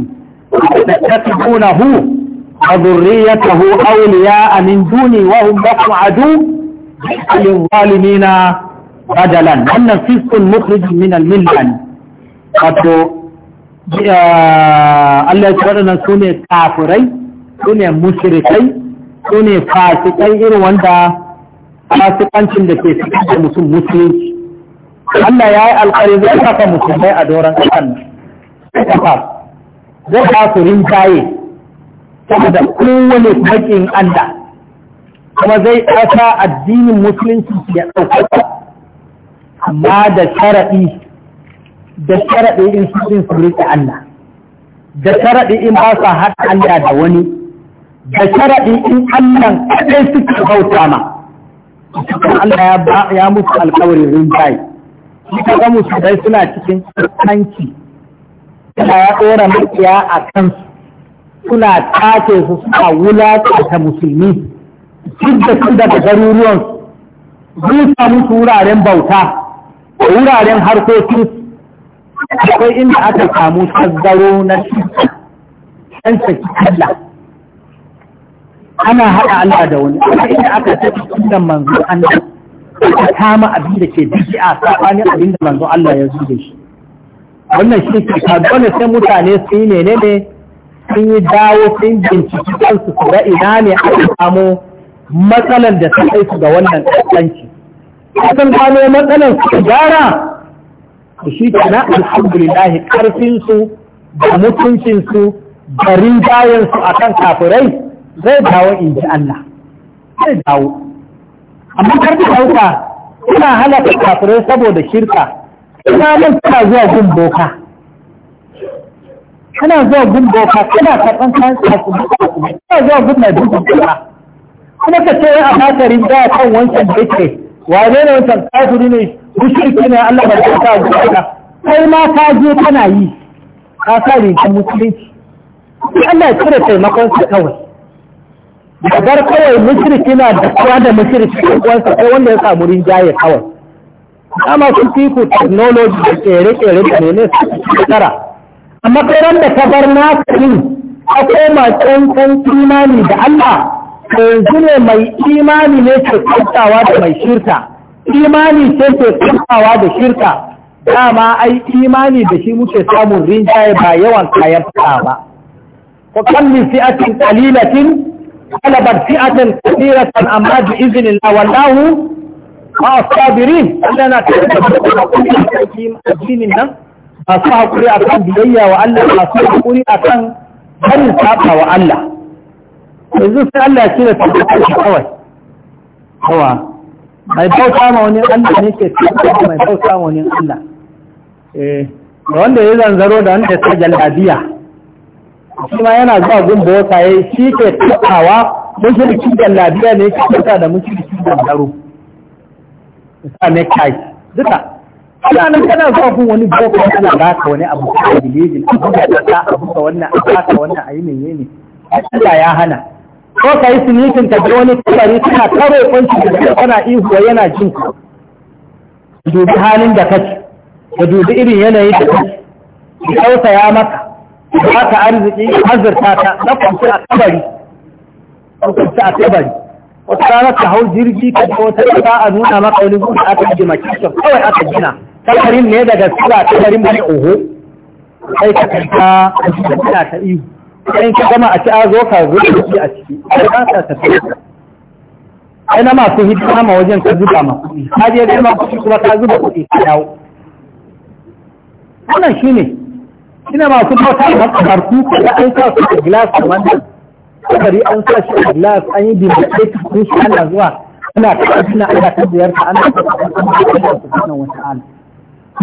tattakhunahu wa dhurriyyatahu awliya'a min duni wa hum lakum adu lil zalimina badalan wannan fiskun mukhrij min al-millan wato Allah ya waɗannan su ne kafirai su ne mushrikai su ne fasikai irin wanda fasikancin da ke fitar da mutum musulunci Allah ya yi alƙari zai kafa musulmai a doron ƙasar zai kafa rinjaye da kowane haƙin Allah kuma zai ɗauka addinin musulunci ya ɗauka. amma da sharaɗi da sharaɗi in su sun su riƙe Allah da sharaɗi in ba sa haɗa Allah da wani da sharaɗi in Allah kaɗai suke bauta ma cikin Allah ya musu alƙawarin rinjaye suka ga dai suna cikin kanki. suna ya ɗora makiya a kansu suna take su suna ta musulmi duk da su daga garuruwansu zuwa musu wuraren bauta wuraren harkokin akwai inda aka samu tazzaro na shirka an saki Allah ana haɗa Allah da wani akwai inda aka saki sunan manzo Allah aka kama abin da ke a sabanin abin da manzo Allah ya zuge shi wannan shi ke ka dole sai mutane su yi menene sun yi dawo sun binciki kansu su ga ina ne aka samu matsalar da ta kai su ga wannan kasance. Kasan gano matsalar su gyara to shi kenan alhamdulillah alhamdulillahi karfinsu da mutuncinsu da rinjayensu a akan kafirai zai dawo in ji Allah zai dawo amma karfi ka dauka ina halaka kafirai saboda shirka ina nan kana zuwa gun boka kana zuwa gun boka kana karɓan kayan kasu kana zuwa gun na dukkan kuma kuma ka ce a baka rinjaya kan wancan da yake wane ne wancan kafiri ne musulunci ne Allah ba ta sa zuciya kai ma ka je kana yi ka sa rigar musulunci Allah ya cire su kawai da bar kawai musulunci na da kuwa da musulunci da kuwansa ko wanda ya samu rinjaye kawai amma sun fi ku technology da kere-kere da ne su tara amma kai da ta bar na yin akwai koma kan imani da Allah yanzu ne mai imani ne ke kwantawa da mai shirka imani sai ke kamawa da shirka dama ai imani da shi muke samun rinjaye ba yawan kayan ta ba ko kalli fi'atin qalilatin qalabat fi'atan kathiratan amma bi A wallahu ma sabirin Allah na addinin nan masu hakuri akan biyayya wa Allah masu hakuri akan barin saba wa Allah yanzu sai Allah ya cire ta kawai mai bauta ma wani Allah ne ke fiye mai bauta ma wani Allah eh, da wanda ya zanzaro da wanda ta jalabiya shi ma yana zuwa gun bauta ya eh, yi shi ke tukawa mushirikin jalabiya ne ke tuka da mushirikin zanzaro sa ne kai duka ana nan kana zuwa kun wani bauta ana ka wani abu a bilijin abu da ta abu da wannan a baka wannan a yi menene Allah ya hana ko ka yi sinikin ka da wani kabari kana kare kwanci da kana ihu yana jin ka dubi halin da kake da dubi irin yanayi da kake ki tausaya maka ba ka arziki hazarta ta na kwanci a kabari kwanci a kabari wata rana ka hau jirgi ka ko ta ba a nuna maka wani gudu aka ji makishin kawai aka gina kabarin ne daga sila kabarin mai oho sai ka kanta a cikin ta ihu in ka gama a ci a zo ka a shi a ciki ai ba ka tafi ai na masu hidima ma wajen ka zuba ma kuɗi ka je ga ma kuɗi kuma ka zuba kuɗi ka yawo wannan shine ina masu bauta da kabarku da an sa su a glass kamar nan kabari an sa shi a glass an yi ta cikin shi ana zuwa ana ta ziyarta ana ta ana ta ana ta kaɗa ana ta ana ta kaɗa ta ana ta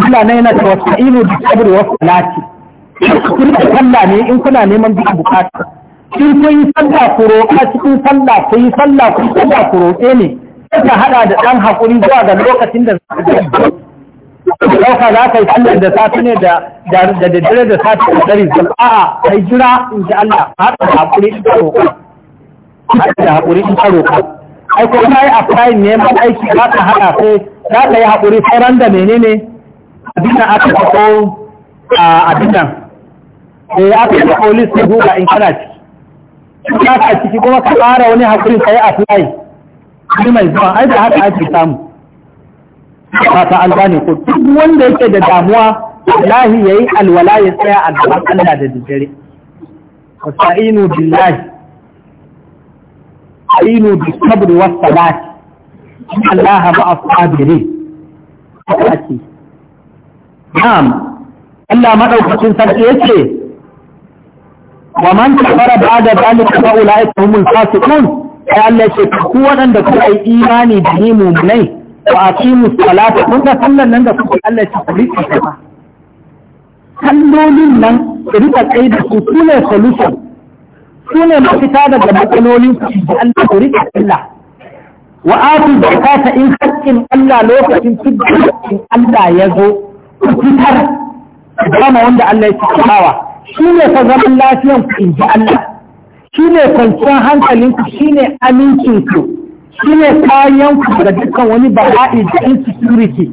kaɗa ana ana ta ta ana ta ta ta ta ta kun da sallah ne in kuna neman biyan bukata in kun yi sallah ku roƙa cikin sallah ku yi sallah ku yi sallah ku roƙe ne sai ka haɗa da ɗan haƙuri zuwa ga lokacin da za ka ɗauka za ka yi sallar da safe ne da daddare da safe da dare zan a'a kai jira in ji Allah haɗa da haƙuri in ka roƙa haɗa da haƙuri in ka roƙa ai ko kai a fayin neman aiki za ka haɗa sai za ka yi haƙuri sai ran da menene abin da aka ko a abin nan da eh, ya fi da polis ta duba in kana ciki ka ka ciki kuma ka fara wani hakuri sai a apply ni mai zuwa ai da haka ake samu ba ta albani ko duk wanda yake da damuwa lahi ya yi alwala ya tsaya a gaban Allah da daddare wasta'inu billahi a'inu bi sabri was salat Allah ba asabiri haka ake na'am Allah madaukakin sarki yake wa man kafara ba'da zalika fa ulaika humul fasiqun sai Allah ce ku waɗanda kuka imani da ni mu'minai wa aqimu salata kun ga sallan nan da kuka Allah ce ku rike ta sallolin nan ku rika kai su sune solution sune mafita daga matsalolin ku da Allah ku rike sallah wa atu zakata in hakkin Allah lokacin fitar Allah ya zo ku fitar wanda Allah ya ci kawawa shi ne fa zaman lafiyan ku in ji Allah shi ne kwanciyar hankalinku shi ne amincinku shi ne kayanku daga dukkan wani bala'i da insecurity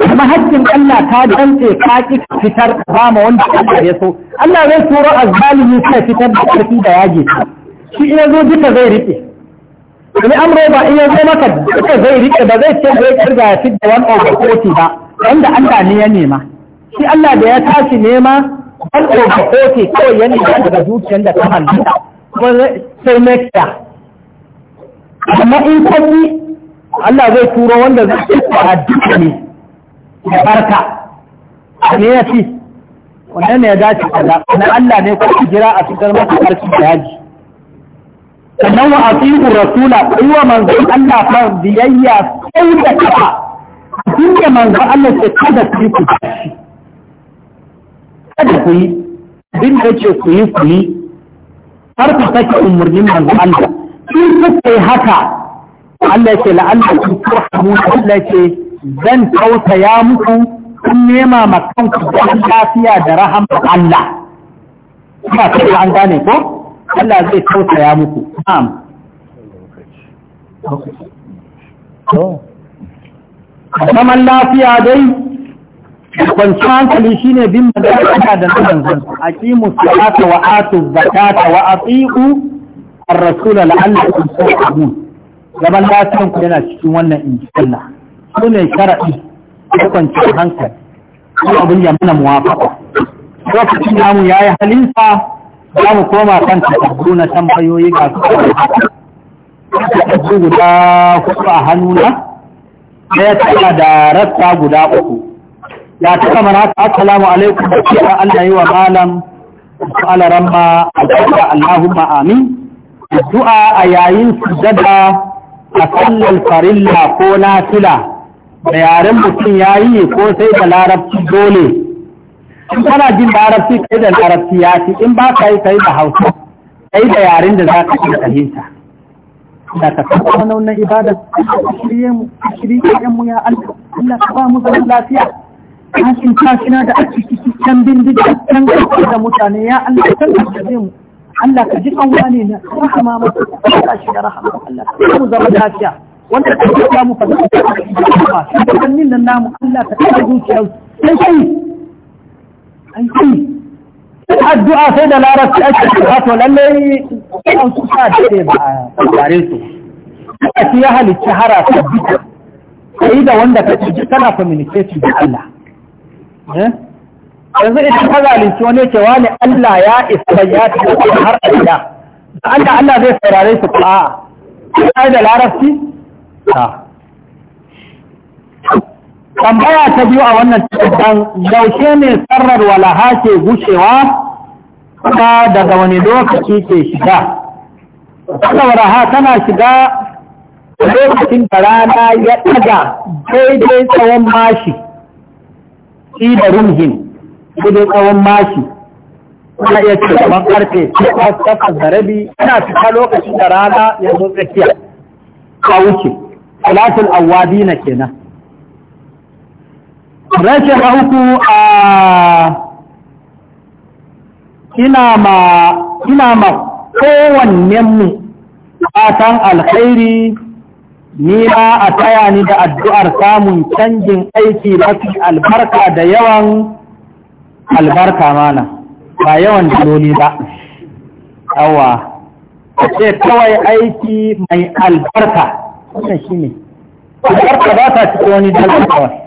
kuma haƙƙin Allah ta dantse ka ki fitar ba ma wanda Allah ya so Allah zai turo azzalimi sai fitar da ƙarfi da yaji shi ina zo duka zai rike kuma amro ba iya zo maka duka zai rike ba zai ce zai kirga ya fitar da 1 over ba wanda Allah ne ya nema shi Allah da ya tashi nema an ɗauka koke kawai yana da daga zuciyar da ta halitta kuma sai mekiya amma in kwafi Allah zai turo wanda zai tsaye a duka ne da barka a ne ya fi wannan ne ya dace kaza na Allah ne kuma jira a fitar masa ƙarfi da yaji sannan wa asiru rasula kuwa manzon Allah fa biyayya sai da kafa duk da manzon Allah sai kada ku ku shi kada ku yi abin da ce ku yi ku yi har ku sake umarnin manzo Allah in ku yi haka Allah ce la'alla ku turhamu Allah ce zan tausaya muku kun nema ma kanku da lafiya da rahama Allah kuma kai an gane ko Allah zai tausaya muku na'am zaman lafiya dai kwanciyar hankali shi ne bin magana da nan zan ki musulata wa atu zakata wa a atiu ar-rasul la'allakum turhamun zaman lafiyan ku yana cikin wannan inji Allah ne sharaɗi da kwanciyar hankali su abin ya mana muwafaqa lokacin namu mu yi halinsa za mu koma kan takardu na tambayoyi ga su takardu guda huɗu a hannuna ɗaya tana da rassa guda uku ya taɓa mana assalamu alaikum da cewa Allah yi wa malam ala ramma alƙarfa Allahumma amin addu'a a yayin sujada a sallar farilla ko nafila da yaren mutum ya yi ko sai da larabci dole in kana jin larabci kai da larabci ya fi in ba ka yi kai da hausa kai da yaren da za ka yi da ka san wannan ibada shirye shirye mu ya Allah Allah ka ba mu zaman lafiya hancin kashina da ake cikin can bindiga can kafa da mutane ya Allah kan kasabe mu Allah ka ji kan wane na rahama masa Allah shi da rahama Allah ka mu zama lafiya wanda ka ji mu fa ba shugabannin nan namu Allah ka kada zuciyar sai sai an kai sai addu'a sai da larabci ake cewa to lalle an su sa da ba tare su Allah ya halicci harafa duka kai da wanda ka ci kana communicating da Allah Eh? yanzu idan ka zalunci wani yake wani Allah ya isa ya tafi har abada da Allah Allah zai saurare su a ai da larabci ta tambaya ta biyu a wannan cikin yaushe ne sarrar walaha ke gushewa kuma daga wani lokaci ke shiga sarrar ha tana shiga lokacin da rana ya ɗaga daidai tsawon mashi ƙila rumhin gudun tsawon mashi ana iya ce kamar karfe takwas da rabi ana fita lokacin da rana ya zo tsakiya a wuce salatul awwabi na kenan rashin hauku a ina ma kowanne mu fatan alkhairi ni ma a taya ni da addu'ar samun canjin aiki mafi albarka da yawan albarka mana ba yawan daloli ba awa a ce kawai aiki mai albarka wannan shi ne albarka ba ta cikin wani dalilin kawai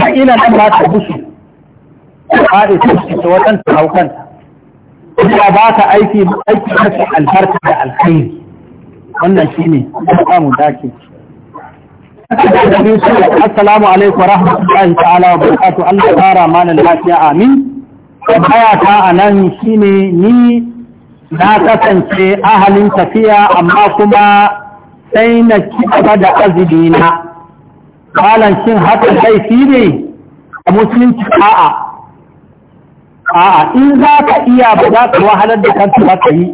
ta ina nan ba ta bushe ba da su cikin watanta haukanta ina ba ta aiki mafi albarka da alkhairi wannan shi ne ta samu dace Assalamu alaikum rahmatullahi ta'ala wa barakatu Allah fara mana lafiya amin. Baya a nan shine ni na kasance ahalin tafiya amma kuma sai na cigaba da azumi na. shin haka fi ne a musulunci a'a. A'a in za ka iya ba za ka wahalar da kanka ba ka yi.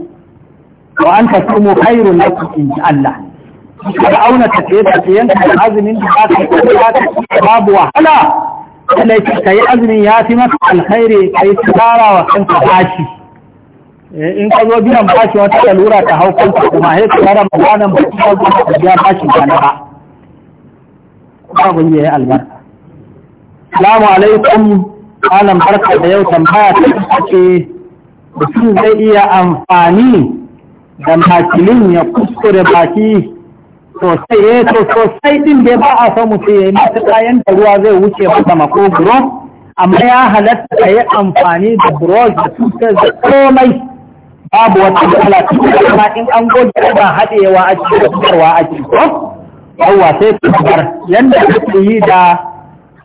Wa an ta tumu khairun lakum in Allah. da auna tafiye-tafiyen da azumin da aka babu wahala Allah ce ka yi azumin ya fi maka alkhairi Kai yi tsara wa kanka bashi eh, in ka zo biyan bashi wata lalura ta hau kanka kuma sai ka fara maganan ba ta zo ka biya bashi ba na ba babu yayi albarka assalamu alaikum malam barka da yau tambaya ta ce mutum zai iya amfani da makilin ya kuskure baki sosai eh to sosai din ba a samu sai ya yi matuƙa yanda ruwa zai wuce ko makogoro amma ya halatta a yi amfani da brush da tutar da komai babu wata matsala kuma in an goge ba haɗewa a cikin fitarwa a cikin ko yawwa sai bar yanda kake yi da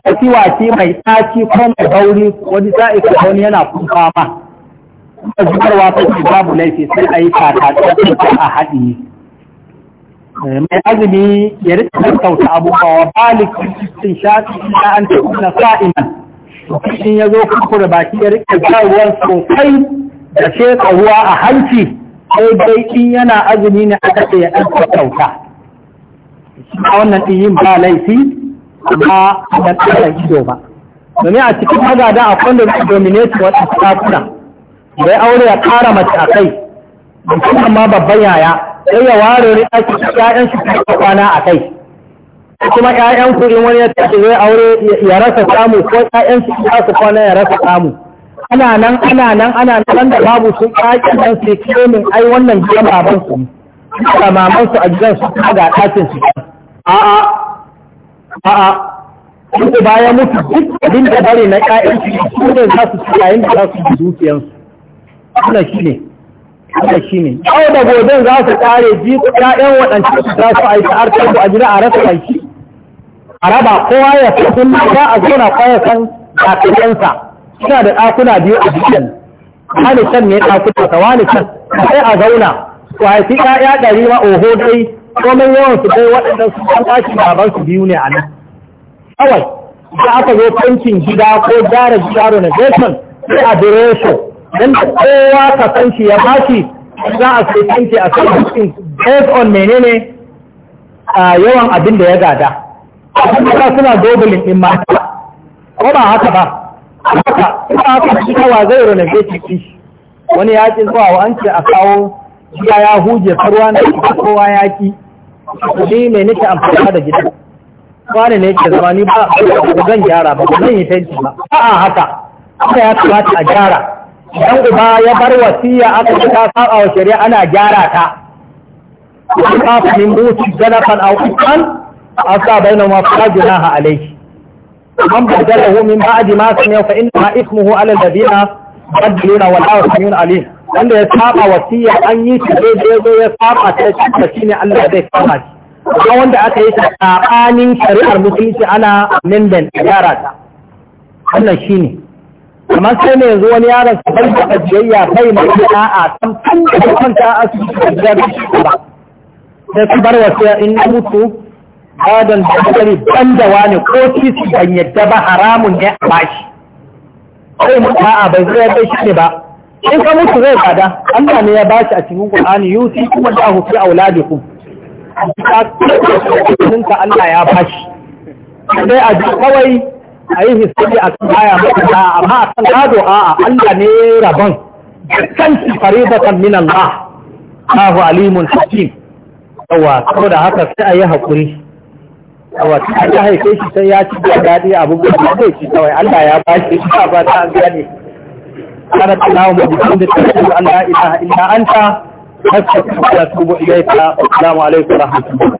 wasi-wasi mai tsaki ko mai bauri wani sa'i ko wani yana kumfa ma zubarwa kake babu laifi sai a yi tata a haɗiye mai azumi ya rika sauta abubuwa balik sun shafi na an tattuna sa'ina in ya zo da baki ya rika jaruwar sosai da ce ruwa a hanci sai dai in yana azumi ne aka ce ya ɗan tattauta a wannan ɗin ba laifi amma da ɗaga ido ba domin a cikin magada a kwanda da dominate wata ɗakuna bai aure ya kara mace a kai musamman ma babban yaya sai ya ware cikin ƴaƴan shi ta kwana a kai kuma ƴaƴan in wani ya tashi zai aure ya rasa samu ko ƴaƴan shi ta su kwana ya rasa samu ana nan ana nan ana nan da babu su ƴaƴan nan sai kire min ai wannan gidan baban su da maman su a gidan su ga ɗakin su a'a a'a duk ya mutu duk abin da bari na ƴaƴan su su ne za su ci yayin da za su ji dukiyansu wannan ne. haka shi ne yau da gobe za su ƙare ji ƴaƴan waɗancan su za su aika harkar a gida a rasa aiki a raba kowa ya san sun mata a zauna kowa san suna da ɗakuna biyu a jikin wani can ne ɗakuna ta wani can sai a zauna su haifi ɗaya ɗari ma oho dai komai yawan su dai waɗanda su san ɗakin baban su biyu ne a nan kawai da aka zo tankin gida ko gyara gida renovation sai a dire don da kowa ka san shi ya bashi za a sai shi a san cikin based on menene a yawan abin da ya gada da suna dobulin din mata ko ba haka ba haka kuma haka shi kawa zai zai cikin shi wani ya ƙi zuwa an ce a kawo jiya ya huje farwa na kowa ya ƙi ne mai nake amfani da gida. wani ne ke zama ni ba zan gyara ba zan yi fenti ba Ba a haka haka ya kamata a gyara idan uba ya bar wasiya aka ta saba wa shari'a ana gyara ta an ka fahim buci zanafan aw ikan asa baina ma fa junaha alayhi man badalahu min ba'di ma sami'a fa inna ismuhu ala alladhina badaluna wal awsamiun alim wanda ya saba wasiya an yi ta da ya zo ya saba ta shi shine Allah zai kama shi amma wanda aka yi ta tsakanin shari'ar musulunci ana amendment gyara ta wannan shine kamar sai ne yanzu wani yaron su bai da ajiyayya bai na yi a'a kan kan da kanta a asibiti da ba sai su bar wasu in ina mutu da bakari ban da wani ko titi ban yadda ba haramun ne a bashi sai mu a'a bai zai bai shi ne ba in ka mutu zai gada Allah ne ya bashi a cikin kur'ani yusi kuma da hu fi auladikum ka Allah ya bashi sai a ji kawai a yi history a kan baya mata amma a kan gado a Allah ne rabon kan faribatan min Allah Allahu alimun hakim yawa da haka sai a yi hakuri yawa sai ya haife shi sai ya ci da dadi abubuwan da zai ci kawai Allah ya ba shi ba ba ta gane kana tunawa mu bikin da Allah ilaha illa anta hatta ta tubu ilayka assalamu alaikum wa rahmatullahi